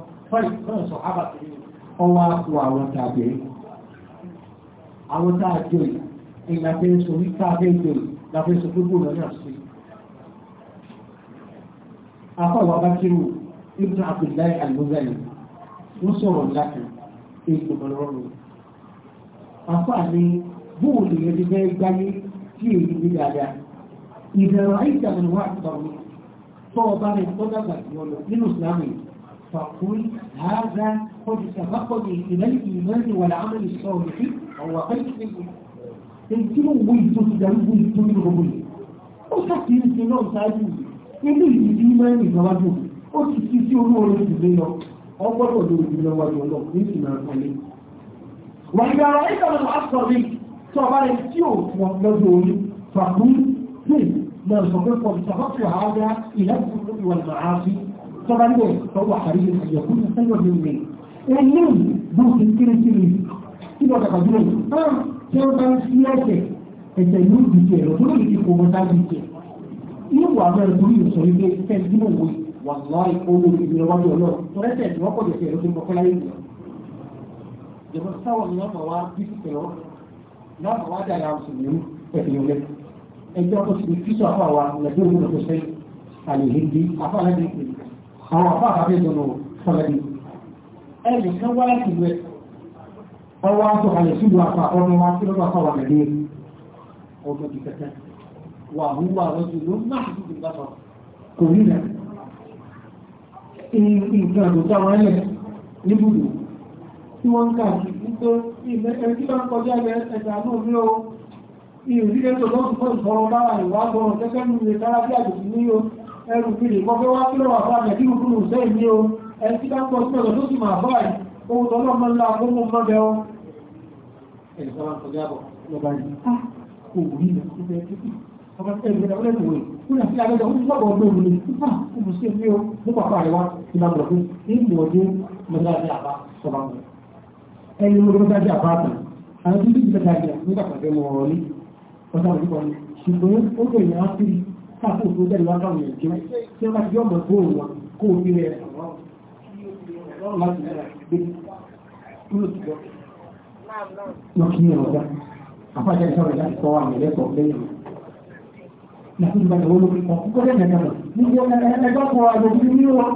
fọ́nà sọ̀hábà tó ní ọwọ́ àpò àwọn tàbí àwọn tàbí ìlàfẹ́ sọ ní tàbí ìjọ ìlàfẹ́ sọ gbogbo lọ́nà sí afọ́wà bá kírù ibùdó àbìláì àlùmọ́gáyì ń sọ̀rọ̀ láti ìgbòmọ̀lọ́rùn afọ́ àní bóòlù yẹn ti fẹ́ gbáyé tí èyí ní dáadáa فقل هذا قد سبقني إلى الإيمان والعمل الصالح هو خير منه èyí ló wo ìtò ti dàrú wo ìtò ní gbogbo yìí ó ṣàkí ń ṣe náà ṣáájú nínú ìdí mẹ́rin ti fi sí orí orin ìdílé lọ ọgbọ́dọ̀ ló ìdílé wájú ọlọ ní ìsìn náà wà á yára ẹ̀ka lọ àtọ̀ mi tí ọba rẹ̀ tí ò wọ lọ́dọ̀ orí fàkúrú pé náà sọ pé pọ̀ lórí wà ní tọ́ba ń bẹ̀ tọ́wọ́ àárín ìlú àyẹ̀kú ní sẹ́yọ̀ ní ilé eléyìí bó ti ń kéré kéré kí lọ́ọ́ kàkà dúró náà tí ó bá ń fi ẹ̀sẹ̀ ẹ̀sẹ̀ ló ti jẹ ẹ̀rọ tó lóye ti kó wọn dájú jẹ inú wà bẹ́ẹ̀ torí ìsọ ilé fẹ́ẹ́ dúró wò wà lọ́ ìkóló ìgbìmọ̀ wájú ọlọ́run tọ́lẹ́sẹ̀ tí wọ́n pọ̀ jẹ̀ sí ẹ̀rọ tó ń kọ́kọ́ láyé nìyẹn jẹ̀mọ́ sáwọn ni wọ́n máa wá bí pípẹ́ ọ́ náà máa wá dà yà ọ̀sùn ní ẹ̀sìn ìwé ẹjọ́ tó ti fi sọ àfọwà lẹ́gbẹ̀ẹ́ òun lọ́tọ̀ sẹ́yìn àlè hindi àfọwà lẹ́gbẹ̀ẹ́ àwọn àpá àkàbí ìdùnnú sọ̀rọ̀dì ẹnì kan wá láti wẹ ọwọ́ aṣọ àlẹ́ sílùú àpá ọmọ wa sí lọ́dọ̀ àpáwà nàìjíríà ọmọ ti kẹta wà wúwà lọ́jọ́ ló má sí ìgbà sọ kò rí rẹ̀ nǹkan àdùnkà wọn lẹ̀ níbùdó tí wọ́n ń kà sí nítorí ẹni tí wọ́n kọjá ẹ̀ẹ́dà náà ní o ìrírí ẹ̀tọ́ lọ́sùn fún ìfọ̀rọ̀ bára ìwà gbọ́rọ̀ ẹrù fìlè mọ́fẹ́ wá kí lọ́wọ́ àbá àjẹ́ kí rúkúrú ṣẹ́ ìní o ẹni tí bá ń pọ̀ sí ọ̀dọ̀ tó sì máa bá ì ohun tó lọ́mọ ńlá agbóhùn mọ́bẹ̀ ọ. ẹ̀sán máa ń kọjá bọ̀ lọ́ba ah, ah, yìí á kò wí lọ sí ẹ títí ọba tẹ́lẹ̀ ìgbẹ́ta wọlé ìwé kúrò sí ni nípa kò sí ẹ̀mí o ní pàpà àríwá ti máa bọ̀ fún ní ìmọ̀ọ́dé mọ́tàdé àbá sọ̀rọ̀ káàkó tó tẹ́lẹ̀ wá káwọn èèyàn jẹ́ tí wọ́n bá ti yọ́mọ̀ tó wọn kó o nílẹ̀ ọ̀rọ̀ láti gbé kúrò sí lọ. wọ́n kí ní ọ̀gá àpájá ìṣọ́rọ̀ láti kọ́ àwọn ẹ̀lẹ́kọ̀ọ́ lẹ́yìn Nàìjíríà ìgbàlẹ̀ olórí kan kúkọ́ lẹ́yìn ẹ̀ka lọ. Níbi ẹjọ́ kan àjòjì ní wọn,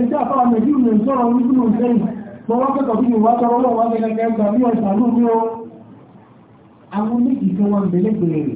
ẹjọ́ àfáà Nàìjíríà ń sọ̀rọ̀ ní ìlú ìsẹ́yìn. Mo wá kẹ́kọ̀ọ́ bí Yorùbá tọrọ lọ́wọ́ gẹ́gẹ́ gẹ́gẹ́ gbà bí ọ̀sán ló ní o. Àwọn méjì kan wà ń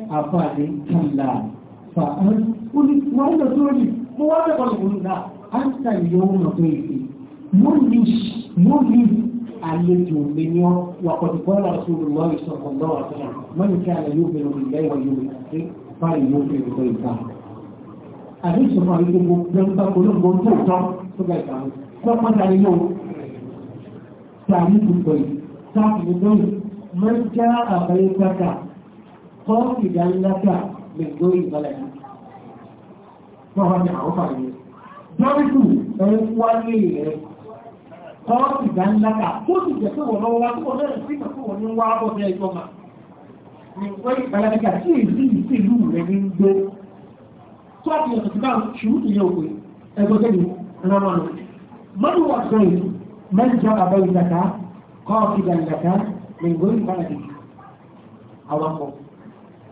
àfààní kàlà fàán ó ní wọ́n lọ sórí mo wá bẹ̀rẹ̀ ọ̀rọ̀ òun náà á ń ta ìyẹn òun ọ̀tọ̀ èdè mo ní mo ní àlejò mi ní ọ wà pọ̀ dùkọ́ náà sí olùwọ́ ìṣọ̀kan náà wà sílẹ̀ mọ́ni kí àlẹ́ yóò bẹ̀rẹ̀ òun ìyá ìwà yìí tàbí gbogbo yìí mọ́ خارجا لك من دور بلدك فهو معروف ti jẹ́ pé wọ́n wá tó lẹ́rẹ̀ sí ìtàkùn wọn ní wá bọ́ ní ẹjọ́ ma ní wọ́n ìgbàlẹ́gbà tí èsì ìsì ìlú rẹ̀ ní gbé tọ́ọ̀tì ọ̀tọ̀ tí bá ṣùú ìyẹ́ òkè ẹgbẹ́ tẹ́lẹ̀ rọ́mọ́nù mọ́nù wà sọ èyí mẹ́jọ àbẹ́ ìdàkà kọ́ọ̀tì dánlága ní ìgbó ìgbàlẹ́gbà awakọ̀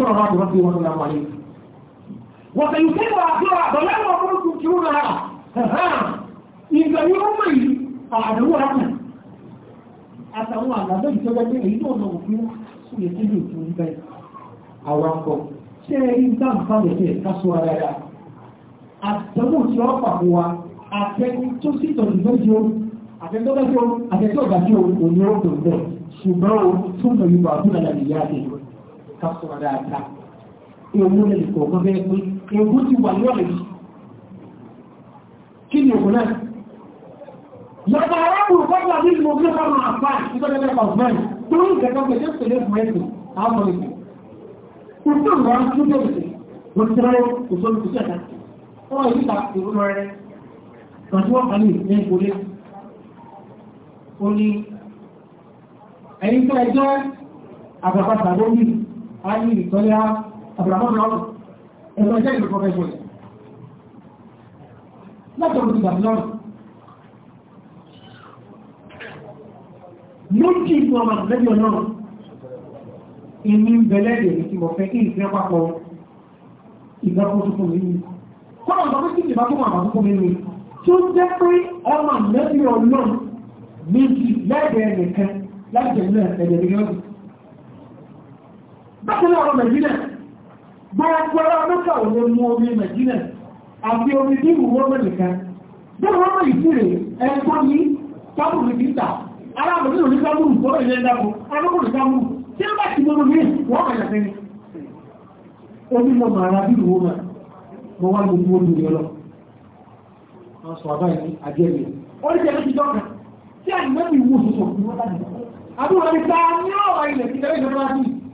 صلوات ربي وسلامه عليه وسيصيب اخرها بل لما كنتم تنكرونها ìgbà ní wọ́n mọ̀ yìí àdánwò rákà àtàwọn àgbàdo ìjọba pé èyí náà náà fún ìyè tí yóò tún ń bẹ́ẹ̀ àwọn akọ ṣé ẹ rí nǹkan àǹfààní ẹ̀ káṣọ ara rà àtàwọn òṣì ọ̀pá fún wa àtẹni tó sì tọ̀jú lójú àtẹnudọ́gbẹ́jọ àtẹnudọ́gbàjọ òní ó dùn bẹ́ẹ̀ ṣùgbọ́n o tún bẹ̀rù bàbá àbúrò àlàyé yá dé ká sọ̀rọ̀ dáadáa ewu lè kọ̀ ọ̀kan bẹ́ẹ̀ pé ewu ti wà lọ́rẹ̀ yìí kí ni òun náà lọ́pọ̀ arákùnrin kọ́kọ́ bí mo gbé kọ́ máa fà nígbàdàn ẹ̀kọ́ ọ̀gbọ́n tó ń gẹ̀gọ́ gẹ̀gẹ́ pẹ̀lú ẹ̀kọ́ ẹ̀kọ́ àwọn ọmọ ìgbà òkú ìwà ń tún bẹ̀rẹ̀ sí wọ́n ti rẹ́ òṣò ní kùsẹ̀ ká ọ̀rọ̀ yìí ta ìwé lọ rẹ̀ kàn tí wọ́n kàn ní ìpínlẹ̀ ìkólé ó ní ẹ̀yin tó ẹjọ́ àgbàpá tàbí Ali Victoria Abramov lọ́rùn ẹ̀rọ iṣẹ́ ìlú pọ̀fẹ́sọ̀ rẹ̀ lọ́tọ̀ ló ti dàbí lọ́rùn lókì ìlú ọmọ àtìlẹ́bí ọlọ́run ìní bẹ̀lẹ́ èdè tí mo fẹ́ kí ìfẹ́ papọ̀ ìgbàkóso fún mi ní kọ́nà ọ̀dọ́ pé kí ìgbà tó máa bàbá fún mi ní tí ó jẹ́ pé ọmọ àtìlẹ́bí ọlọ́run méjì lẹ́ẹ̀dẹ̀ẹ́ nìkan láti ẹ̀lẹ́ ẹ̀dẹ̀ Bákan náà Mẹ̀dínà, gbogbo ara mẹ́ta ò lè mú omi Mẹ̀dínà àti omi bí ìwúwọ́ mẹ́nìkan. Bẹ́ẹ̀ wọ́n mọ̀ ìsìrè ẹgbọ́ ní tábùrù títà, ará àmì nínú ní tábùrù tó bẹ̀rẹ̀ ẹ̀dàbù, arákùnrin tábùrù, tí ó bá ti mọ́ omi wọ́n kàyà fẹ́ ni. Omi mọ̀ màá ra bí ìwúwọ́ mà, mo wá gbogbo omi rẹ̀ lọ. Wọ́n sọ àbáyé ní àjẹ́rìí. Oríṣi ẹni ti dọ́kà, tí àgbẹ̀ mi wú òṣùṣù, àbúrò ní ta ní ọ̀rọ̀ ilẹ̀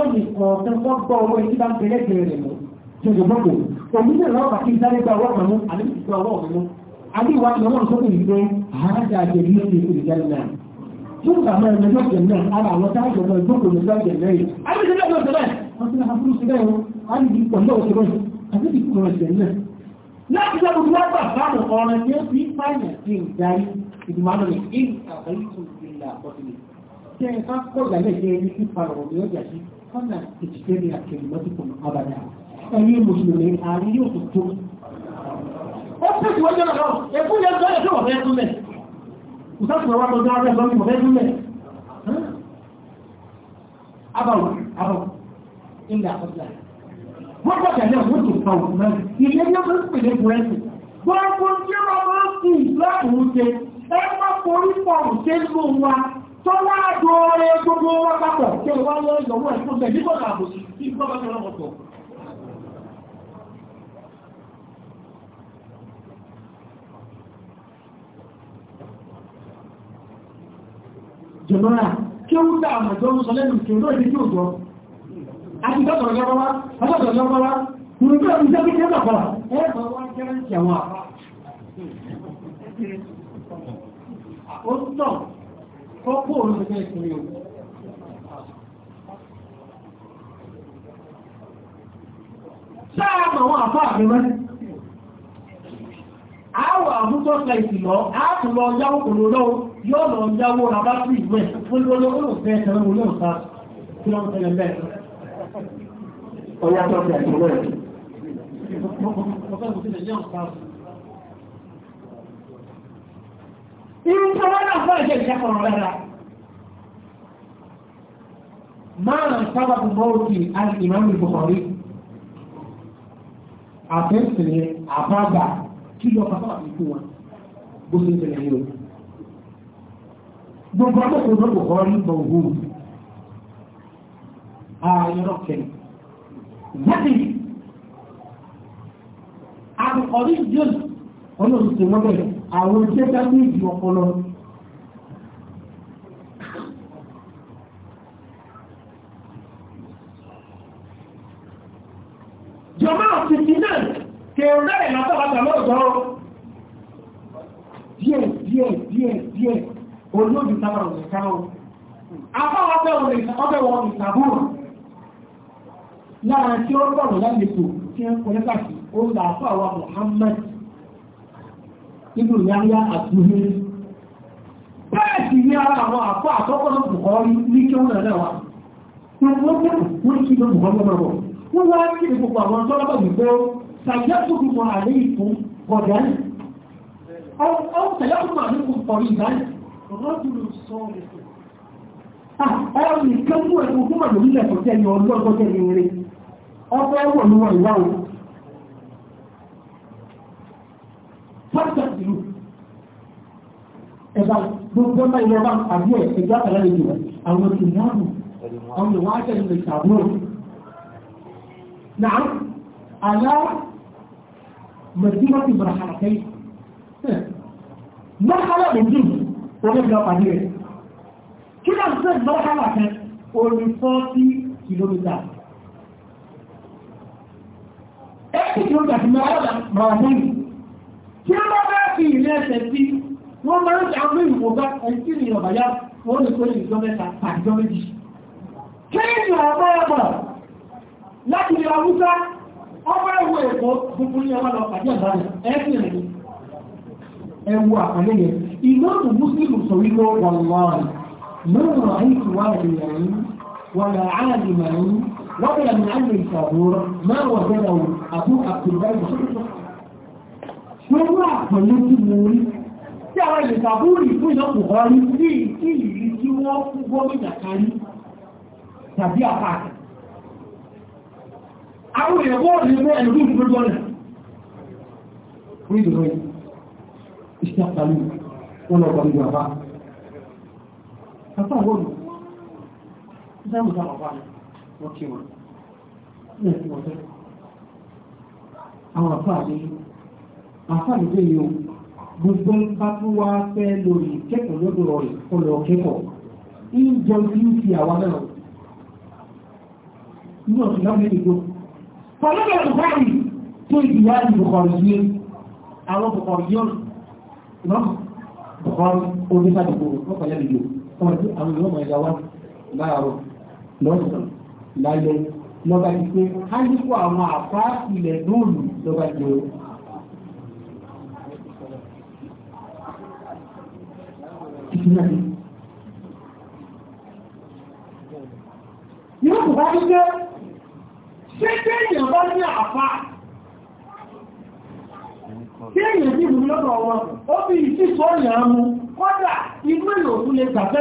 ẹnì kọ̀ọ̀kan tó gbọ́ owó etí bá ń tẹ̀lé tẹ̀lé rẹ̀ mọ́ jòjòmọ́tò òmìnira náà bàtí sáré gba ọwọ́ kan mú àbí ìgbà ọwọ́ kan mú àbí ìwà ìnáwó ìsókè yìí pé àádá àjẹbí ní ti ìkùrì jẹ́ náà yóò gbà mọ́ ẹ̀mẹ́jọ́ jẹ̀ náà ara àwọn táàjọ náà ìjókòó ní ìgbà jẹ̀ náà yìí àbí ìdílé ọ̀sẹ̀ bẹ́ẹ̀ wọ́n ti náà fún sí bẹ́ẹ̀ o àbí ìdí pọ̀ náà ọ̀sẹ̀ bẹ́ẹ̀ àbí ìdí pọ̀ ọ̀sẹ̀ náà láti lọ́dọ̀ tí wọ́n gbà fáwọn ọ̀rẹ́ tí ó fi ń fàyàn sí ìdarí ìdìmọ̀ àná ní ìkàkọ́ ìtù ìlà àkọsílẹ̀ tẹ́ ẹ bá kọjá lẹ́sẹ̀ ẹni tí parọ̀ ọ̀dọ́ ọjà sí kọ́nà ìtìtẹ́rì àkèrèmọ́tìkùn abàdà ẹ̀yìn mùsùlùmí ààrẹ yóò tó tó. ó pèsè wọ́n jẹ́ lọ́wọ́ ẹ̀kú yẹn gbọ́dọ̀ tó wọ́n fẹ́ tún mẹ́. ìsọ́sùn wa tọ́jú abẹ́ lọ́wọ́ wọ́n fẹ́ tún mẹ́. abàwọ̀ abàwọ̀ ilẹ̀ àkọsílẹ̀. wọ́n gbọ́ tẹ̀lé wọ́n tó pa òkú náà ilé ní wọ́n pè é kúrẹ́sì. gbọ́dọ̀ tí wọ́n máa ń fi ìlú àkùnrin ṣe ẹ tó láàdó ọrẹ gbogbo wọn papọ̀ wá lọ ìyọ̀wó ẹ̀ fún bẹ̀rẹ̀ nígbọ̀nà tí gbọ́gbọ́n tó lọ́wọ́ pọ̀. jọmọ́ra kí ó ń dá àmà tó ń sọ lẹ́nu kí ó rọ́ ìdí tí ó kọ́pọ̀ olóògbé ìpínlẹ̀ òkú. Sáàmà wọn àpá àbẹ̀mẹ́. Àwọ̀ àmútọ́ ṣàìsì lọ, ààtù lọ yáwó kòrò lọ́wọ́, yóò lọ yáwó rabá sí ìwẹ̀ fún olóògbé ẹ̀sẹ̀ olóòta tí wọ́n tẹ̀lé tó ṣe àìsí irú tó wọ́n náà fún ẹ̀jẹ̀ ìjẹ́kọ̀ọ́ rárá. máa sábà bù mọ́ òkè àti ìmáàmù Bukhari àfẹ́sìnrin àbágbà kí lọ bàbá mi fún wa bó ṣe tẹ̀lé yìí o. gbogbo akókò náà Bukhari bọ̀ wò ó. ààyè náà kẹ́lẹ̀. láti àbùkọ̀rí yóò ọlọ́run ti wọ́n bẹ̀rẹ̀ àwọn iṣẹ́ bá ní ìjù ọpọlọ. jọmọ́ òkìkí náà kèrè ìlàtàbàtà lọ́dọ̀ díẹ̀ díẹ̀ díẹ̀ díẹ̀ olóòdì sábà rẹ̀ káwọn afọ́wọ́fẹ́ wọn ìsàbúrò láàrin tí ó gbọ̀rọ̀ lálẹ́kọ̀ọ́ tí ó ń kọ́ lẹ́kàtí ó làáfà wa Muhammad ibùn yáyá àtúhú bẹ́ẹ̀ sì ní ara àwọn àpá àtọ́kọ́ ló ní kí wọ́n náà wà wọ́n kí ló bùkọ́ lọ́nà wọ́n wá kí ní gbogbo àwọn tọ́lọ́bọ̀ wípé sàjẹ́sùkù mọ àlẹ́ ìfún ọ̀dà ọ̀hún sàjẹ́sùkù mọ ẹ̀bá gbogbo ọmọ ilẹ̀ ọba àbí ẹ̀ ẹ̀jọ́ àkàrà lè jùlọ àwọn ti mọ́ọ̀nù àwọn ìwà àjẹ́ ìlú ìtàbúrò náà àlá mẹ̀síwọ́tì mọ̀ràkàtẹ́ mọ́kànlá méjì orílẹ̀ pàdé rẹ̀ kí náà ń sẹ́ẹ̀ mọ́kànlá kan orí 40 kìlómítà ẹ̀kì kìlómítà ti mọ́ ọ̀rọ̀ mọ̀ràkàtẹ́ kí ló bá fi ilé sí wọ́n máa ń ṣàwọn ìwò bá ẹ̀sí ní ọ̀bàyá wọ́n lè kó ìjọ mẹ́ta àjọ méjì kéèkì ọmọ ọmọ láti ní ọmúta ọmọ ẹwọ ẹ̀kọ́ gbogbo ní ọmọ ọpàdé àbáyà ẹ̀sì rẹ̀ ẹwọ àpàlẹ́ yẹn ìmọ̀nù mùsùlùmù sọ wípé wọn lọ́rọ̀ mọ́rọ̀ àìsí wà lẹ́yìn wọn là áàdì mẹ́rin tí àwọn ìlẹ̀kàbúrì fún ìlọ́pù ọrí sí ìtí ìrí tí wọ́n fún gómìnà kárí tàbí àpáàkì. Àwọn ìyẹ̀wọ́ ọ̀rẹ́ mọ́ ẹ̀rú ìgbẹ́gbọ́ rẹ̀. Wíìdì Ní àfáà ní, àfáà ní gbogbo nǹkan tó wá fẹ́ lórí kẹ́kọ̀ọ́ lọ́dọ̀ rẹ̀ kó lọ kẹ́kọ̀ọ́ ìjọ tí ń fi àwa náà ní ọ̀sùn náà lè dìbò. Fọlọ́dọ̀ Bùkọ́rì tó ìdíyà ní Bùkọ́rì yé àwọn Bùkọ́rì yọ̀ náà Bùkọ́rì onífàdìbò lọ́kọ̀ọ́yà lè dìbò. Wọ́n ti àwọn ìlú ọmọ ẹ̀dá wa láàárọ̀ lọ́sàn lálẹ́ lọ́ba ti pé ká nípò àwọn àpá ilẹ̀ lóòlù lọ́ba ti pé ìpínlẹ̀. Yóò kò bá wípé ṣé kéèyàn bá ní àfá kéèyàn sí ìlú lọ́pọ̀ wọn ó fi ìsí sọ́yàn mú kọ́dà inú ìlòkú lè tàbí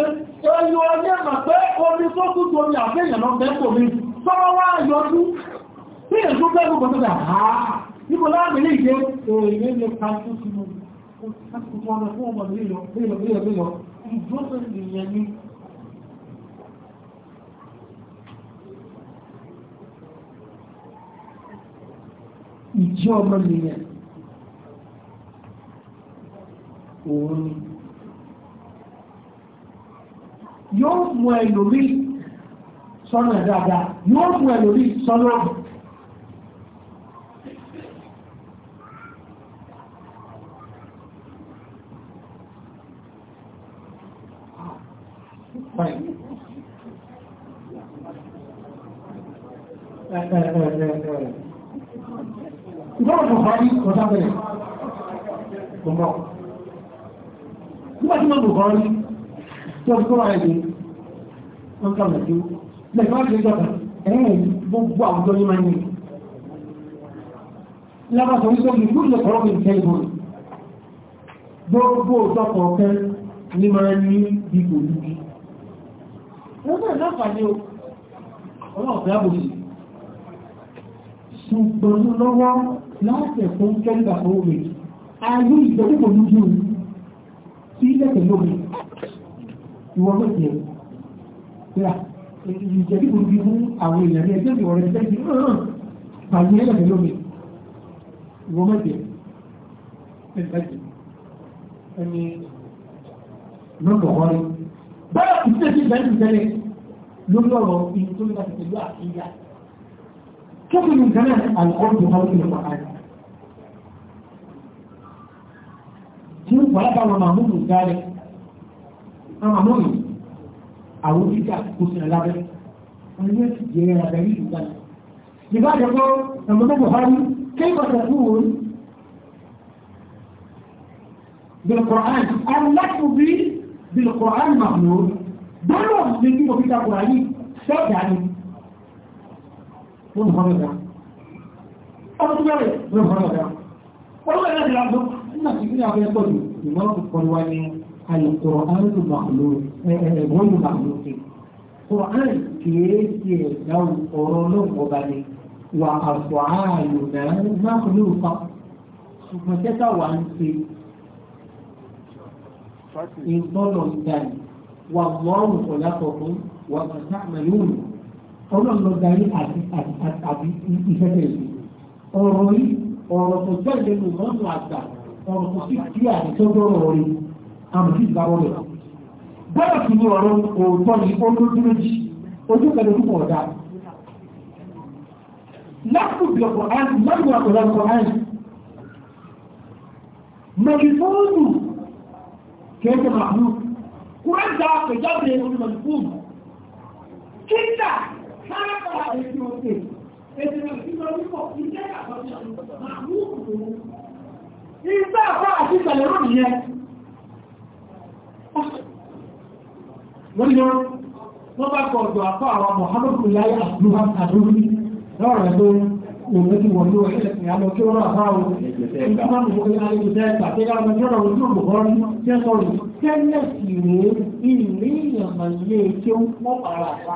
ẹyọ ọjọ́ mà pé omi tó kú tó àfẹ́yàn lọ bẹ́ẹ̀ sọ́wọ́ wá yọjú tí èso bẹ́ẹ̀ kò bọ́tọ̀ dà á láàmì ní ìdé òòrùn ilé pàtó sínú láti ọmọ fún òun ni yóò mú ẹlòmí sọ́nà dáadáa yóò mú ẹlòmí sọ́nà òbí Bukhari kò sábẹ̀rẹ̀ kò mọ̀. Nígbà tó ní máa ń yìn. Gbogbo ọjọ́ kọ̀ọ̀kan ní máa ń ní ipò níbi. Ẹgbẹ́ ìlànà ọlọ́ọ̀fẹ́ àbòsí láti ẹ̀kọ́ kẹ́ńdà fún omi ayé ìgbẹ́lẹ́kọ̀ lójú sí ilẹ̀kẹ̀ lómi ìwọ́n mọ̀ tiẹ̀ gbà ìjẹ́lẹ́kọ̀ lójú fún àwọn èèyàn ní ẹgbẹ́ ìwọ̀n rẹ̀ tẹ́lẹ̀ pàdé ẹlẹ́kẹ̀ كيف من زمان القول بقول القرآن ويبقى ومعمول ذلك معمول àwọn oníkà kò sí alábẹ́ wọn yóò ti jẹ́ abẹ́rí ìgbà nígbà àjọpọ̀ ọmọdé buhari kéwàá tẹ̀kú wọn bilkọ̀án alákùnrin bilkọ̀án mahmoud bọ́lọ̀ ní bí mo fi ta ní wà àpò ààyò náà màlúù fa ṣùgbọ́n tẹ́tà wà ń ṣe ìgbọ́nà ìdáni wà mọ́rùn-ún kọ̀lákọ̀ọ́kún wà màtàmẹ́lúù ọlọ́run lọ àti àti ìfẹ́fẹ́ ìlú ọ̀rọ̀ yìí ọ̀rọ̀ tó jáde ló lọ́nà àgbà ọ̀rọ̀ tó sì kí àdìsọ́gbọ́rọ̀ rẹ̀ àmì ìgbàwọ̀ rẹ̀. bọ́lá sì ọ̀rọ̀ òótọ́ ni ó lójú méjì ojú kan ló pọ̀ dá. lákùbí ọ̀pọ̀ àìsí lọ́nà ọ̀pọ̀lọpọ̀ àìsí kárakọ̀ọ́ àti àti ìṣẹ̀lẹ̀ náà nìyẹn. Wọ́n yọ wọ́n bá kọ ọ̀dọ̀ àwọn Mọ̀hámẹ́dù láyé àdúrà àdúrí lọ́rọ̀ ẹ̀dọ́ òun ti wọ̀n ní ọ̀ṣẹ́ ìyàlọ́ kí wọ́n rà ó. Ìjọba máa ń wọ ilé ayé ìjẹ́ ìgbà tí wọ́n máa ń yọ̀rọ̀ ojú òbòbọ́ rí jẹ́ sọ̀rọ̀. Tẹ́lẹ̀ sì rèé ìrìn ìyàmọ̀ ilé tí ó ń pọ̀ pàrà pa.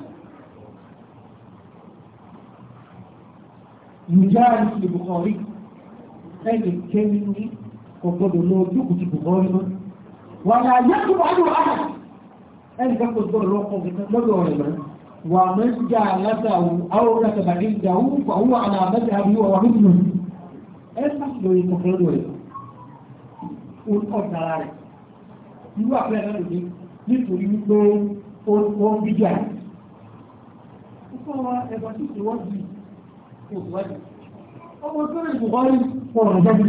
mujahid ti Bukhari ẹnì kẹ́ni ní ọ̀gbọ́dọ̀ lọ dúkù ti Bukhari mọ́ wà á yá tó wà lọ àdà ẹnì kan kò gbọ́dọ̀ lọ́kọ̀ lọ́dọ̀ rẹ̀ mọ́ wà á mẹ́rin jà látàwù àwọn ọ̀gbàtàbà ní ìdáwù àwọn àlàmẹ́ta àbí wà wà nínú ẹ̀ má lórí kọ̀ọ̀kan lọ́dọ̀ rẹ̀ ọ̀tara rẹ̀ irú àpẹẹrẹ náà lòdì nítorí wípé ó ń bí jà. Ó fọ́ wa ẹ̀gbọ́n tí ìwọ́n yìí ọmọ tó lè bùkọ́rí ọ̀rọ̀ ìjọ́bí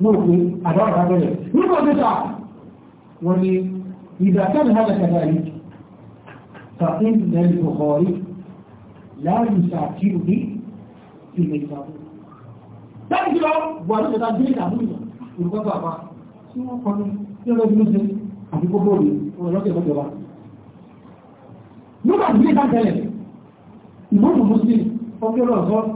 ní òkè àdáwà bẹ̀rẹ̀ nígbà tó ta wọ́n ni ìdàkẹ́ni hàn kẹta yìí fàfin lẹ́yìn bùkọ́rí láàrin ṣàkíyù ní ilé ìjọba láti jùlọ wà ní ìjọba bíi àbúrò olùkọ́ tó àpá tí wọ́n kọ́ ní tí wọ́n lọ́dún lóṣe àti gbogbo òní wọn lọ́sẹ̀ lọ́jọba nígbà tí ilé ìjọba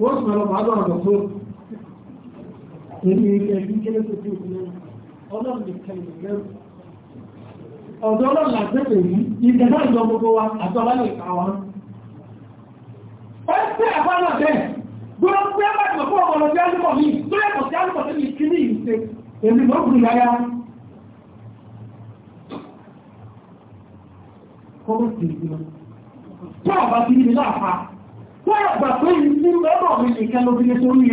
wọ́n sì lọ bá lọ́rọ̀ lọ fún èmi ẹ̀bí kéré tó tí òkú lẹ́nu ọlọ́run nìkan ìlú ọ̀dọ́ ọlọ́run làgbẹ̀rẹ̀ yìí ìdẹ̀bá ìlọ gbogbo wa sí ìgbìmọ̀ tó ti ní mi wọ́n àgbà pé ìlú lọ́rọ̀ mi nìkan ló fi lè torí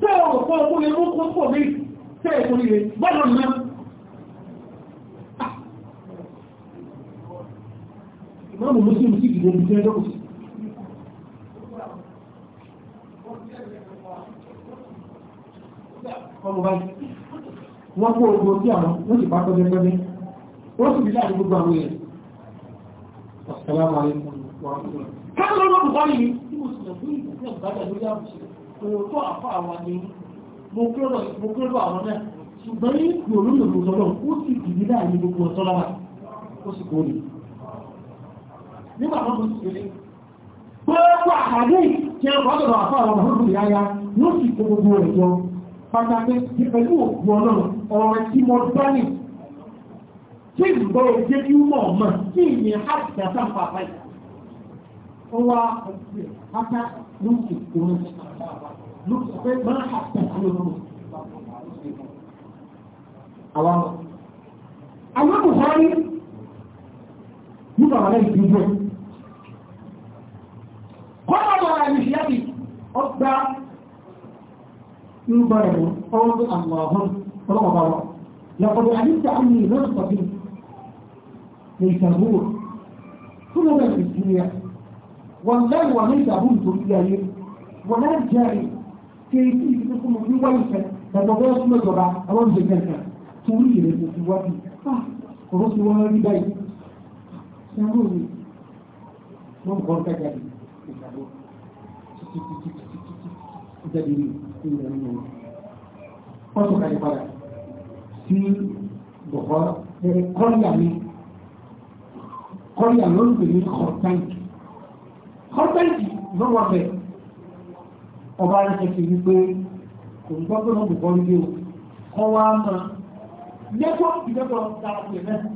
tẹ́ ọ̀rọ̀ fún ọkùn lè mú kókò mi tẹ́ ìtorí rẹ̀ bọ́ọ̀lù náà ìmọ̀mù mùsùlùmí sì dìde ìdíjẹ́ lọ́kùn sí wọ́n kó ogun ojú àwọn wọ́n sì bá tọ́jẹ́ tọ́jẹ́ wọ́n sì bí láàrin gbogbo àwọn èèyàn Assalamu alaikum wa rahmatullahi ìyàgbé ìgbàgbé àgbàdà lórí àbùsù òótọ́ ó sì dìbí láàrin gbogbo ọ̀tọ́ lára ó sì kó rí nígbà tó mo sì kéré gbogbo àkàdé tí ẹ̀rọ ọ̀dọ̀dọ̀ àfọ àwọn ọ̀hún sì kó gbogbo rẹ̀ هو حتى يمكن يكون ما حتى أوامر أما بخاري يبقى عليه الجوع قال على مشيتي أبدا يبرر قول اللهم رغب لقد علمت أني نصف ليس هو كل من في الدنيا والله وليس بنت إليه ولا جاري kí ní ìdílé fún mi wá ìfẹ́ ẹ̀dọ̀gbọ́ súnmọ́ ìjọba àwọn ìjẹ kẹta torí ìrẹ̀ kò ti wá ọ̀rọ̀ sí wọn rí báyìí ṣàrò mi wọn kọ́ kájà bí ìgbàgbọ́ ìjẹ́bi rí ìrẹ̀ nínú wọ́n tún kàlẹ́ padà sí bọ̀kọ́ kọ́ríà mi kọ́ríà ló ń pè ní kọ́ńtáǹkì kọ́ńtẹ́ǹtì ló wọ́n bẹ̀ ọba ẹ̀ṣẹ̀ ti rí pé kò ní gbọ́gbẹ́ náà bùkọ́ nílé o kọ́ wá máa nẹ́tíwọ́ọ̀kì lẹ́tọ̀ dáadé náà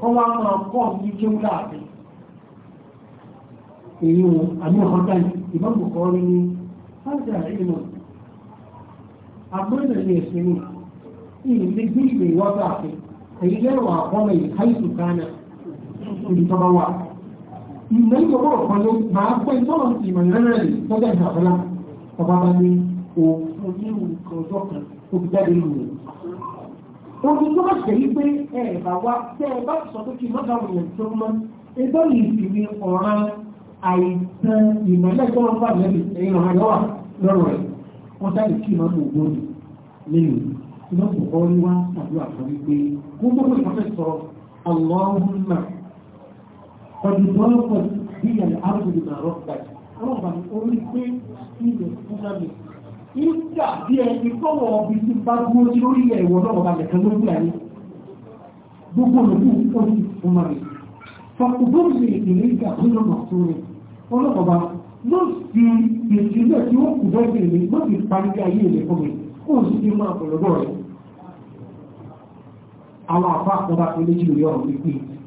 kọ́ wá máa kọ́ ní kéwú dáadé èyí o àmì kọ́ńtẹ́ǹtì ìbọn bùkọ́ rí ní fáńtì àìlèmọ̀ àgbọ̀nà ní ẹ̀sìn ní ìlú gbígbé wọ́n dáadé èyí lẹ́rọ àkọ́mọ̀ yìí káyìtù kánà ìlú tọ́ba wà ìmọ̀ ìgbọ̀gbọ̀ kan ló máa pẹ́ tọ́lọ̀ ìmọ̀ ìrẹ́rẹ́ lọ́jọ́ ìṣàfẹ́lá ọba bá ní òfin ní nǹkan ọjọ́ kan tó fi rẹ̀. Ogun tó bá ṣe yí pé ẹ bá wá tẹ́ ẹ bá sọ pé kí mọ́ta wọ̀nyẹ̀ tó mọ́ ẹgbẹ́ yìí sì ni ọ̀ràn àìsàn ìmọ̀lẹ́ tó wọ́n bá lẹ́bi ẹ̀yìn ọ̀ràn lọ́rọ̀ rẹ̀. Wọ́n sáré kí ìmọ̀ tó gbó ni nínú ìmọ̀ tó kọ́ ní wá àdúrà kan wípé gbogbo ìfọ̀fẹ́ sọ Allahumma kọ̀dù bọ́ọ̀kọ̀ bí ẹ̀ áwùjọ náà rọ́pà ọ̀rọ̀ bá mi orí pé ilẹ̀ fúnra mi. Ìgbà bí ẹni kọ́wọ́ ọbí ti bá dúró sí lórí ilẹ̀ ìwọ̀ náà bá lẹ̀kẹ́ lórí ayé. Gbogbo olùkú ó ti fúnra mi. Fọ̀kùbọ́n mi ìpínlẹ̀ ìgbà tó lọ́nà tó rẹ̀. Ọlọ́kọ̀ọ́ba ló fi èsì náà tí ó kù bẹ́ẹ̀ bẹ̀rẹ̀ ló fi parí ayé ilẹ̀ fún mi. Ó sì ti máa pọ̀lọ́gbọ̀ rẹ̀. Àwọn àpá àkọ́bá tó léjì lórí ọ̀rọ̀ pípé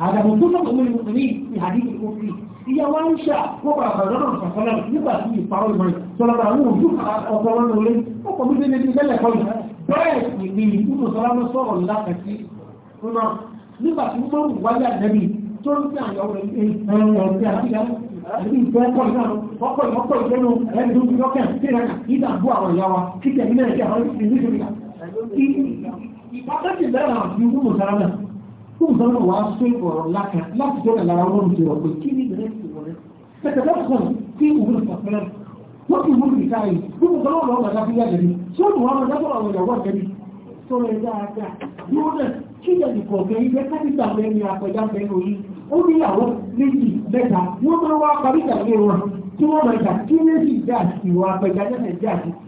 هذا من ضمن أم المؤمنين في حديث القدسي هي وانشا كبرى فزرنا فصلا نبقى في الطاول المريض صلى الله عليه وسلم وصلنا إليه وقم بذن النبي جل قولها بس من يكون صلاة صلى الله كثير هنا نبقى في مطر ولا النبي تقول لك يا أولي إيه àbí ìfẹ́ ọkọ̀ ìdáná ọkọ̀ ìfọ́kọ̀ ìgbẹ́nu ẹ̀ẹ́dì ojú lọ́kẹ̀ síra ìdá àbú àwọn ìyá wa kí tẹ̀mí náà jẹ́ àwọn ìsinmi nítorí ìbátẹ́sì bẹ́ẹ̀ náà ju gbogbo sára náà tó nǹkan náà wàá ọ̀rọ̀ lákà láti jẹ́ ìlara wọn ti rọ̀ pé kí ni ìrẹ́ ti wọlé tẹ̀tẹ̀ lọ́sàn tí òun ìfọ̀fẹ́rẹ́ wọ́n ti mú ìta yìí gbogbo kan náà lọ́wọ́ láti yá jẹ̀bi tí ó dùn wọn lọ́wọ́ lọ́wọ́ àwọn ìyàwó jẹ̀bi sọ̀rọ̀ ẹ̀ dáadáa yóò náà kí jẹ̀bi kọ̀ọ̀kẹ́ ilé kápítà rẹ̀ ni àpẹjà bẹ́ẹ̀ lórí ó ní ìyàwó méjì mẹ́ta wọ́n máa wá parí ìjà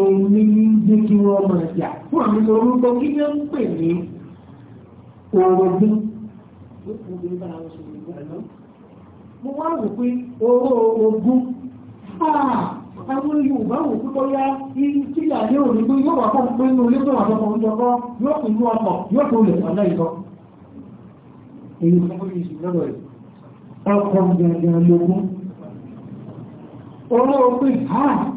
èmi jẹ́ kí wọ́n máa jà fún àmì orúkọ kí ni ń pè ní orogún. mo wá rò pé oró ogún ah, àwọn Yorùbá wò pé bóyá tí àlẹ́ òní pé yóò wà fún pé inú ilé wà fún ọjọ́ kan yóò kún inú ọkọ̀ yóò kún lè pàdé ìtọ́. èyí fún ọkọ̀ gbẹ̀gbẹ̀ lógún. oró ogún ha ah!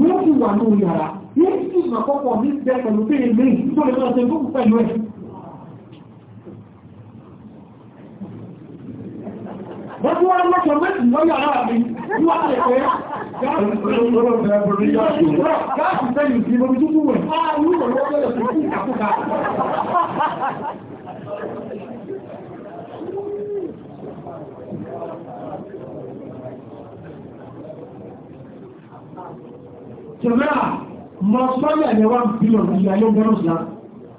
yóò ti wà ní yàrá yóò ti mọ̀ pọ̀pọ̀ ní bẹ pẹ̀lú pé èmi tó lè lọ́sẹ̀ tó kù pẹ̀lú ẹ̀. Wọ́n ti wá lọ́sọ̀ méjì lọ́ yàrá mi ní wá lè pé gáàsì sẹ́yìn sí omi tútù wẹ̀. Àwọn olùrànlọ́wọ́ yẹ̀ jọmọ́ra mọ sọ́yà ní wọ́n bí lọ sí ayé ọgbọ́n ọ̀sán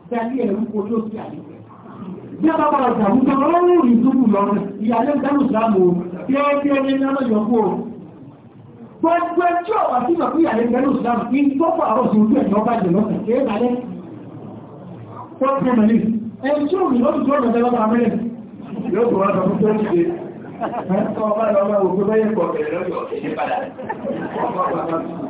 dáadé ẹ̀rọ kò tó sí àyè bí a bá bá ọjà àwùjọ ọlọ́run rí dúkù lọ ìyàlẹ́ ìdánù sáàmù bí ó bí ẹni náà yọ kú o gbogbo ẹjọ́ àti ìgbà fún ìyàlẹ́ ìdánù sáàmù kí gbọ́pọ̀ àwọn sí ojú ẹ̀jọ́ bá jẹ lọ́sẹ̀ kí é balẹ̀ wọ́n tó yóò tó wá lọ́wọ́ òkú bẹ́yẹ̀ pọ̀ bẹ̀rẹ̀ lọ́dún ọ̀sẹ̀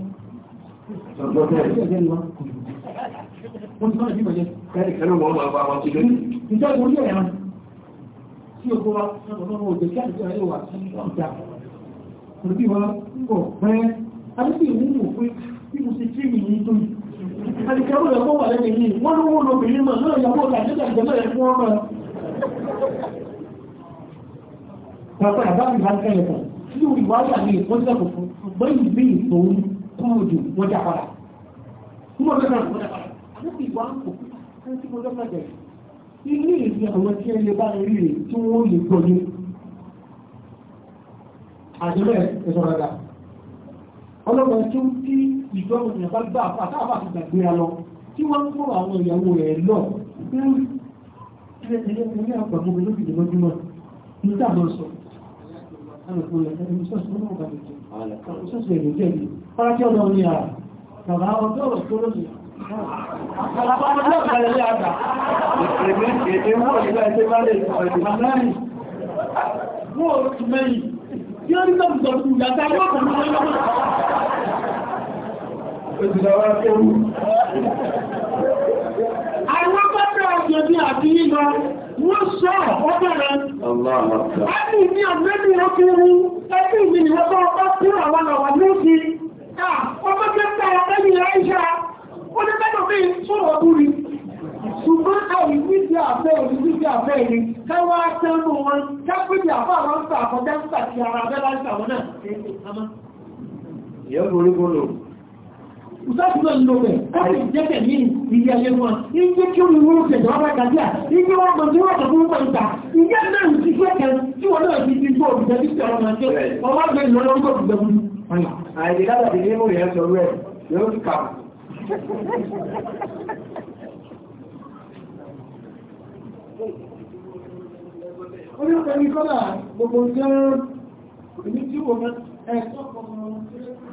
Àdìkẹ́rù ẹ̀kọ́ wà lẹ́gbẹ̀ẹ́ yìí, wọ́n ló wọ́n lóbìnrin mọ̀ náà yàwó ọ̀gá nígbà ìjọba ẹ̀kọ́ ọmọ. Pàpàdà bá mi bá ń kẹ́lẹ̀kọ̀, tí ó rí wáyà ní ìpọ́jẹ́ kòkó, ṣùgbọ́n ìgbé ìtòun kúrò wọ́n jà padà kúrò lọ́dọ̀ wọ́n jà padà àdókè ìwà ń kò tí mo lọ́kàn jẹ ilé ìlú àwọn tí ẹni ti gbà àtàwà lọ tí wọ́n ń kó àwọn ìyàwó rẹ̀ lọ ní ẹ̀ẹ́dẹ̀ẹ́dẹ́ ní àpàgbọ́ mi lókè ìdìbọ́júmọ́ Tí Àwọn pẹ́pẹ́ ọjọ́ àti yíma wọ́n sọ ọ̀bẹ̀rẹ̀. Ẹbí mi àmẹ́bí wọ́n ti rú, ẹbí mi ni wọ́n tọ́ ọkọ́ tí àwọn àwọn lóòsì. Ọmọ jẹ́ ta ẹbí Aisha, ó ní mẹ́tọ̀ bí sọ̀rọ̀ dúrí. Ṣùgbọ́n àrí níbi àfẹ́ òní níbi àfẹ́ ni, káwá tẹ́nu wọn, kápẹ́jì àfẹ́ àwọn ń ta àkọjá ń tàkì ara abẹ́lá ń tàwọn náà. Yẹ́n ìsáàtúgbà ń lò rẹ̀ káàkiri jẹ́kẹ̀ ní ìyá ayé wọn ìyẹ́ kí omi wúrú tẹ̀lé ọba kàdíà ìyẹ́ wọn mọ̀ tí wọ́n tẹ̀ fún wọn ta ìyẹ́ náà ń ṣiṣẹ́ kan tí wọ́n náà ti ti tó òbíjẹ́ tí tẹ̀ ọmọ ṣe ọba gbé ìlú ọlọ́run tó gbẹ̀gbẹ̀ mú. àìdè lábà ti ní mòrìyàn sọ rẹ yóò ti kà. orí ọ̀pẹ̀ ní kọ́lá gbogbo jẹ́ ẹni tí wọ́n ẹ̀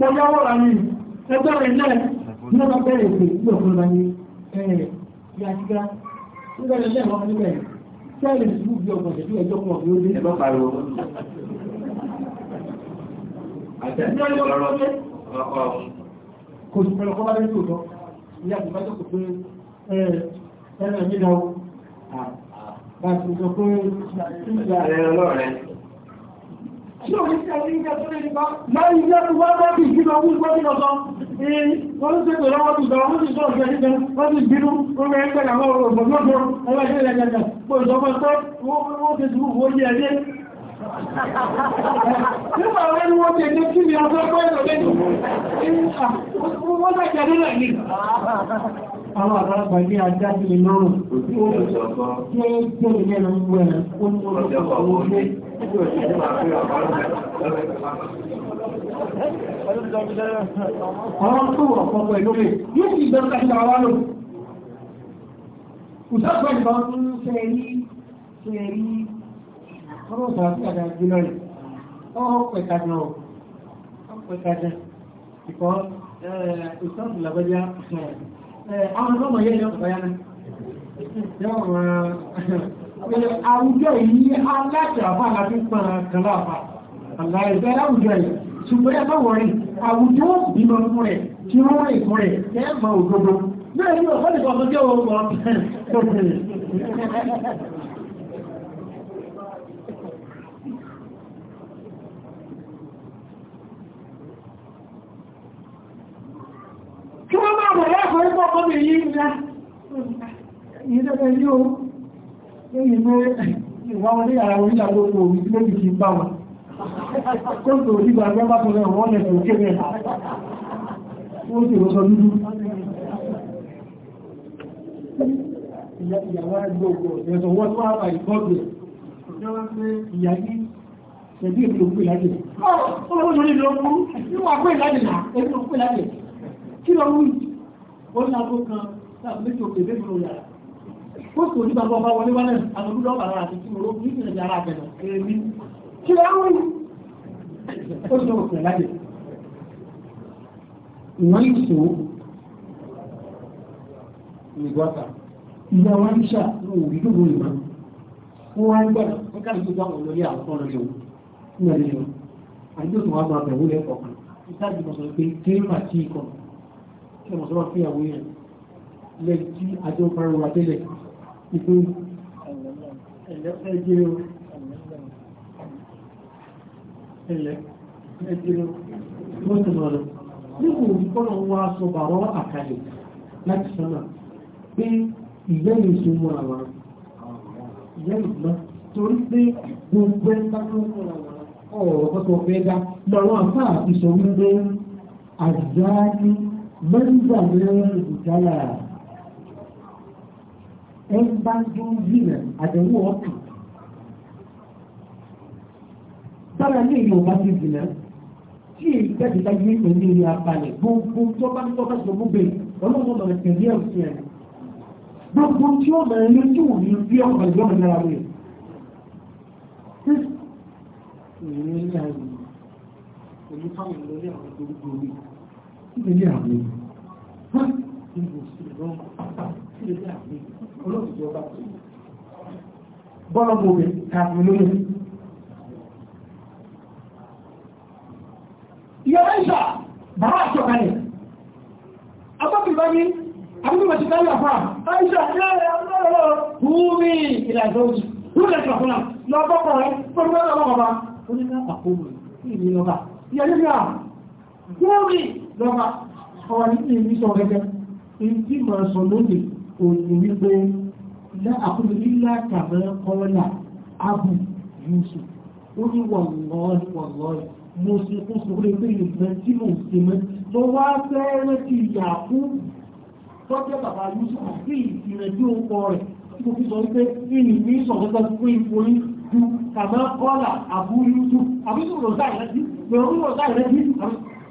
mo yáwọ́ ní ẹgbẹ́ rẹ̀ náà ní ọba bẹ̀rẹ̀ èdè tí ọ̀gbọ́n ra ní ẹ̀rẹ̀ bí a ti gá nígbà rẹ̀ lẹ́ẹ̀ wọ́n níbẹ̀ tí a lè sùn bí ọgbọ̀n tẹ̀lé ẹjọ́ kan ọ̀gbọ́n dé. ẹ bá pariwo. kò sí pẹ̀lú kọ́lá lẹ́yìn òótọ́ ìyá àti bá jókòó pé ẹ̀rẹ̀ mi náà bá a ti sọ pé ẹ̀rẹ̀ ọlọ́rẹ̀ tí ò ní sí ẹni ìjẹ́ tó lè nípa láì jẹ́ tó wọ́n bá bí ìjìnà owó ìgbọ́ bí lọ́sọ wọ́n ti pè lọ́wọ́ ti sọ̀rọ̀ wọ́n ti sọ̀rọ̀ jẹ́ nígbẹ́ wọ́n ti bínú orí ẹgbẹ́ àwọn òògùn lọ́dọ̀ ẹlẹ́gbẹ́ ẹlẹ́gbẹ́ pé ìjọba tó wọ́n ti dúró wọ́n yẹ ẹdẹ́ nígbà wọn ni wọ́n ti ẹ̀jẹ̀ kí ni ọjọ́ pẹ́ ìrọ̀lẹ́ àwọn àgbàlagbà ní ajá sí mi lọ́rùn tí ó ń tó ní lẹ́nu gbogbo ẹ̀ ó ń mú ọjọ́ owó gbé. Àwọn tó wọ̀ ọ̀pọ̀ pẹ̀lú rẹ̀ yóò sì gbẹ́rù láti àwọn lò. Òṣàpọ̀ ìbọn ń ṣe rí ṣe rí ọmọ ọ̀sán àti àdá gbé lọ́rẹ̀. Ọ̀pọ̀ pẹ̀ka jọ ọ̀pọ̀ pẹ̀ka eh, jẹ. Ìkọ́ ìṣọ́ọ̀bù làbẹ́já ṣẹ̀rẹ̀ àwọn àwùjọ yìí aláṣà àfà láti pàn kàlá àfà àláìsẹ́ láwùjọ yìí ṣùgbọ́n ẹ máa àwùjọ ìbímọ fún rẹ̀ tí wọ́n wọ́n ìfún rẹ̀ ẹ máa òdodo ni ọ̀pọ̀ láàrín pọ̀ tó bí yí ńlá ìdẹ́gbẹ̀ yíò lẹ́yìn pé ìwà wọn ní ara orí àgbókò omi tí lóbi ti bá wọn tó tó rí bá gbẹ́ bá tó rẹ̀ wọ́n lẹ̀ tó kéré ó sì rọ́ sọ dúdú ìyàwó àgbókò ẹ̀sọ̀ wọ́n tó wà bá ìkọ́gbẹ̀ ìjọba pé ìyà yìí ẹbí èmi òkú ìlàjì ọ̀rọ̀ olóòjò nílò ọkùnrin wà pé ìlàjì náà ẹbí òkú ìlàjì kí lọ rú ó ní abó láti méjì òkè bébí ló yàrá ó sì onígbà bá wọlé wálẹ̀ àwọn olúdó ọ̀bà àti tí mo ró ní ìrìnàjò ara àbẹ̀rẹ̀ kí ló ń ó sì lọ́wọ́ pẹ̀lú àjẹ́ ìwọ́n ìṣó sọ ṣe mọ̀ sọ́wọ́ fún ìyàwó yẹn lẹ́yìn tí ajọ́ parí wà tẹ́lẹ̀ ìpé ẹ̀lẹ́fẹ́gẹ́rẹ́ mọ́sùmọ̀lọ́ nígbò ìkọ́nà wá sọ bàrọ́ àkàlẹ̀ láti sọ́nà pé ìyẹ́yìn sọ mọ́ àwọn ìyẹ́yìn náà torí pé gbogbo ẹgbẹ́ ọ̀rọ̀ kọ́kọ́ fẹ́ dá lọ́wọ́ àfáà ìsọ̀rọ̀ àjáyé mẹ́rìndà mẹ́rin ìjálà ẹn bá ń dún yìnà àdẹ̀wò ọkùn sára ní èyí ọba ti jìnà tí èyí jáde dájú ní pẹ̀lú ilé abalẹ̀ gbogbo tó bá ní tọ́ka sọ gbogbo ọlọ́run lọ tẹ̀lé ẹ̀sì ẹ̀ gbogbo tí ó bẹ̀rẹ̀ ní tí ò ní ìrìn àìrìn pẹ̀lú fáwọn ìlọrí àwọn gbogbo ilé àmì bọ́lọ́gbòmí tàbí lórí ìyọ̀rọ̀ ìṣà bàbá àṣọ̀kalẹ̀ agbókùnbá ní àbúkùnbá ti káyà fà àìṣà ẹ̀rẹ̀ ọlọ́rọ̀ húmi ìlàjọ́ òjì húrẹ̀ ìṣàkúnlá lọ́gbọ́kọ̀ rẹ̀ pẹ̀lú ọlọ́gbọ́kọ̀ bá lọ́fà ọwọ́ ní kí ní sọ gẹ́gẹ́ ìdí máa sọ lóde òní wípé ilé àkúrò ilé àtàbí abu yusuf ó ní wọ̀lọ́ọ̀lì wọ̀lọ́ọ̀lì mo ṣe kó sórí pé ìgbẹ́ tí mo ṣe mọ́ mo wá fẹ́ẹ́rẹ́ ti yà fún tọ́jọ́ bàbá yusuf sí ìrẹ́jú ọkọ rẹ̀ tí mo fi sọ wípé ìní ní sọ̀rọ̀sọ̀ fún ìforí ju tàbí kọ́lá abu yusuf àbí sọ̀rọ̀ sáà rẹ̀ sí ìrọ̀rùn sọ̀rọ̀ sáà rẹ̀ sí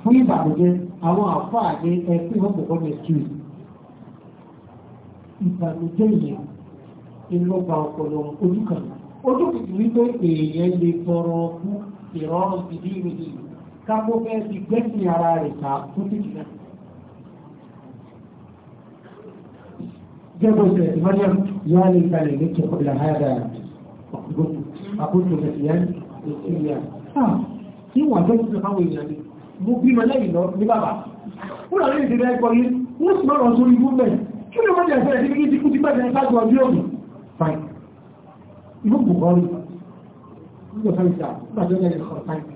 fún ìbàdàn àwọn àfáà ní ẹkú wọn kò gbọ́dọ̀ kí i ìbànújẹ́ yẹn inú ọba ọpọlọ ojú kan ojú kìkì wípé èèyàn lè tọrọ ọkú ìrọrùn ìdí ìròyìn kápó fẹ́ ti gbẹ́sìn ara rẹ̀ ká fún títì náà. جابوا مريم يا ليتني مت قبل هذا وكنت أكون نسيا نسيا. آه، هو جزء قوي يعني mo bímọ lẹ́yìn lọ ní bàbá wọ́n lọ́rọ̀ èdè rẹ̀ gbọ́ yé wọ́n sì mọ́rọ̀ sórí gúnbẹ̀ kí ló mọ́jẹ̀ fẹ́ ẹ̀dí méjì kú ti pẹ̀lẹ̀ ṣáájú ọjọ́ òní fine ìlú kò kọ́ rí nígbà fẹ́ ìjà nígbà tó yẹ kọ́ fine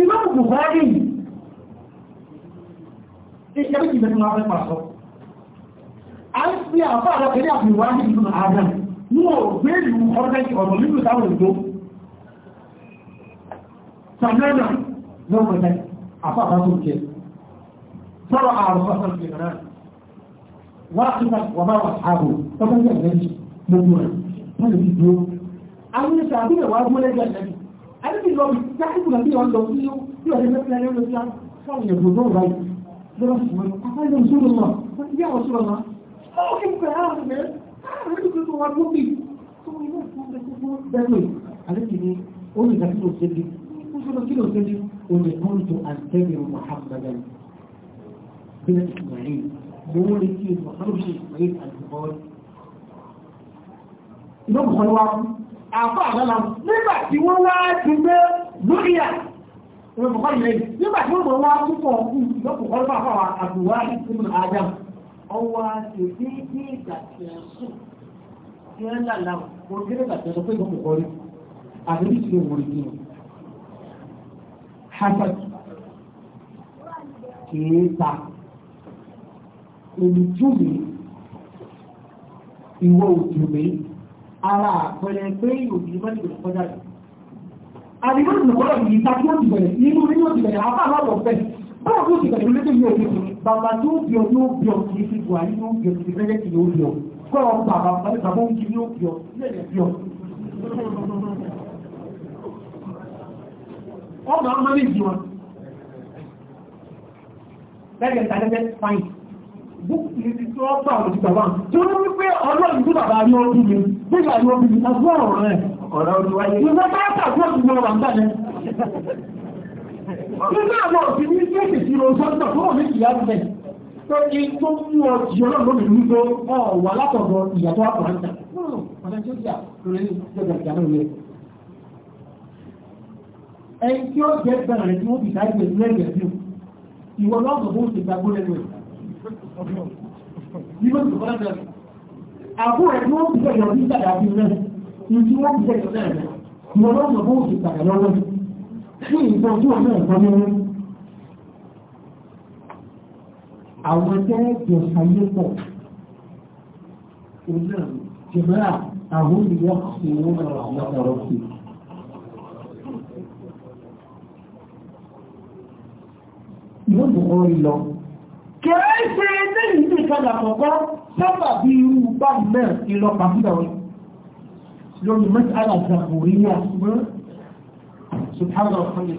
ìmọ̀ bùkọ́rí ìṣẹ́bí ìbẹ̀rẹ̀ máa fẹ́ pàṣọ. a ń fi àpá àrọ́kẹ́lẹ́ ní ìlú àádọ́m ní o gbéèlú ọ̀rọ̀lẹ́kì ọ̀rọ̀ nínú ìtàwọn ìgbó sàmẹ́nà lọ́pẹ̀lẹ́ wà kíkà wà àdébì lọ bí jákèjì náà bí wọn lọ sí yóò bí wọn lè fẹ́ fi sí àwọn èèyàn gbogbo ọ̀rọ̀ yìí lọ́wọ́ sí wọn àwọn èèyàn sọ̀rọ̀ náà wọ́n ti yá wọn ó kí n pẹ̀ á rẹ̀ á rẹ̀ kí n wá lóbi tó wọn yóò fún ẹ kó fún bẹ́ẹ̀ àdébì ó lè dàbí lòsèdè ó sọ̀rọ̀ kí lòsèdè ó lè mú ètò àtẹ́bì Muhammadan afọ lọ́la nígbà tí wọ́n wá ti gbé lórí à wọ́n bọ̀ yìí nígbà tí wọ́n wá púpọ̀ lọ́pọ̀ kọ́ lọ́pọ̀ àwọn àbúwá ìsinmi adam ọwọ́ àti ìgbà tí a sùn tí a nígbà tí sọ pé rí àbí hasad ara àpẹẹrẹ pé ìròyìn mọ́ ìgbèrè kọjá rẹ̀. àdìgbò ìgbèrè kọjá yìí ta kí ó ti bẹ̀rẹ̀ nínú nínú ti bẹ̀rẹ̀ apá àwọn ọ̀pọ̀ bẹ̀rẹ̀ báwo ti bẹ̀rẹ̀ lóde yóò fi bàbá tó bí ọ yóò bí ọ kì í fi buhari yóò bí ọ kì í fẹ́jẹ́ kì yóò bí ọ kọ́ ọ bàbá bàbá ń kì yóò bí ọ lẹ́yìn bí búùkù níbi tí wọ́n gbà lójú bàbá tó ní wípé ọlọ́run tí bàbá ní ó bí mi nígbà ní ó bí mi tàbí ọ̀rọ̀ rẹ̀ ọ̀rọ̀ olúwayé ìwọ́n bá tàbí òtún mọ́ wà ń bàjẹ́ nínú àwọn òfin ní sí èsì sí oṣù ọjọ́ tó wọ́n ní ìyá rẹ̀ tó ní tó mú ọ jì ọlọ́run lónìí wípé ọ wà látọ̀dọ̀ ìyàtọ̀ àkùrẹ́ńtà ẹni tí ó jẹ́ gbẹ̀rẹ̀ tí wọ́n fi dáìgbẹ̀ lẹ́gbẹ̀ẹ́ ìwọ̀n lọ́gbọ̀n bó ṣe gbàgbó lẹ́nu ẹ̀ Àbú rẹ̀ ni wọ́n ti fẹ̀yọ̀ ní ìgbàdà bí náà, ìtí wọ́n ti fẹ̀yọ̀ náà rẹ̀, ìwọ lọ́nà bó ti gbàdà lọ́wọ́ sí ìbọn tí wọ́n náà gbọ́ nínú. Àwọn ẹgbẹ́ ẹ̀jọ̀ ayé pọ̀, òun náà jẹ̀mọ́ra àwọn ènìyàn sí owó náà lọ́wọ́ sí. Ìwọ́n ti kọ́ lọ kìí ṣe ilé ìlú ìkàlà kọ̀ọ̀kọ́ sábà bí irú bá náà ìlọ pàṣípàwọ̀ lórí mẹ́tàlá zàkòríyà mọ́ subhanahu wa ta'ala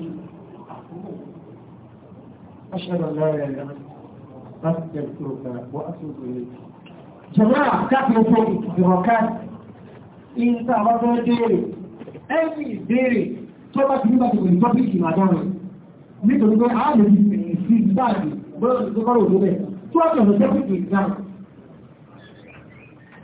ashhadu an la ilaha illa anta astaghfiruka wa atubu ilayk jama'a kafi ko ìrọ̀ká in ta bá bọ́ déèrè ẹni ìbéèrè tó bá ti nígbà gbọ́dọ̀ tó kọ́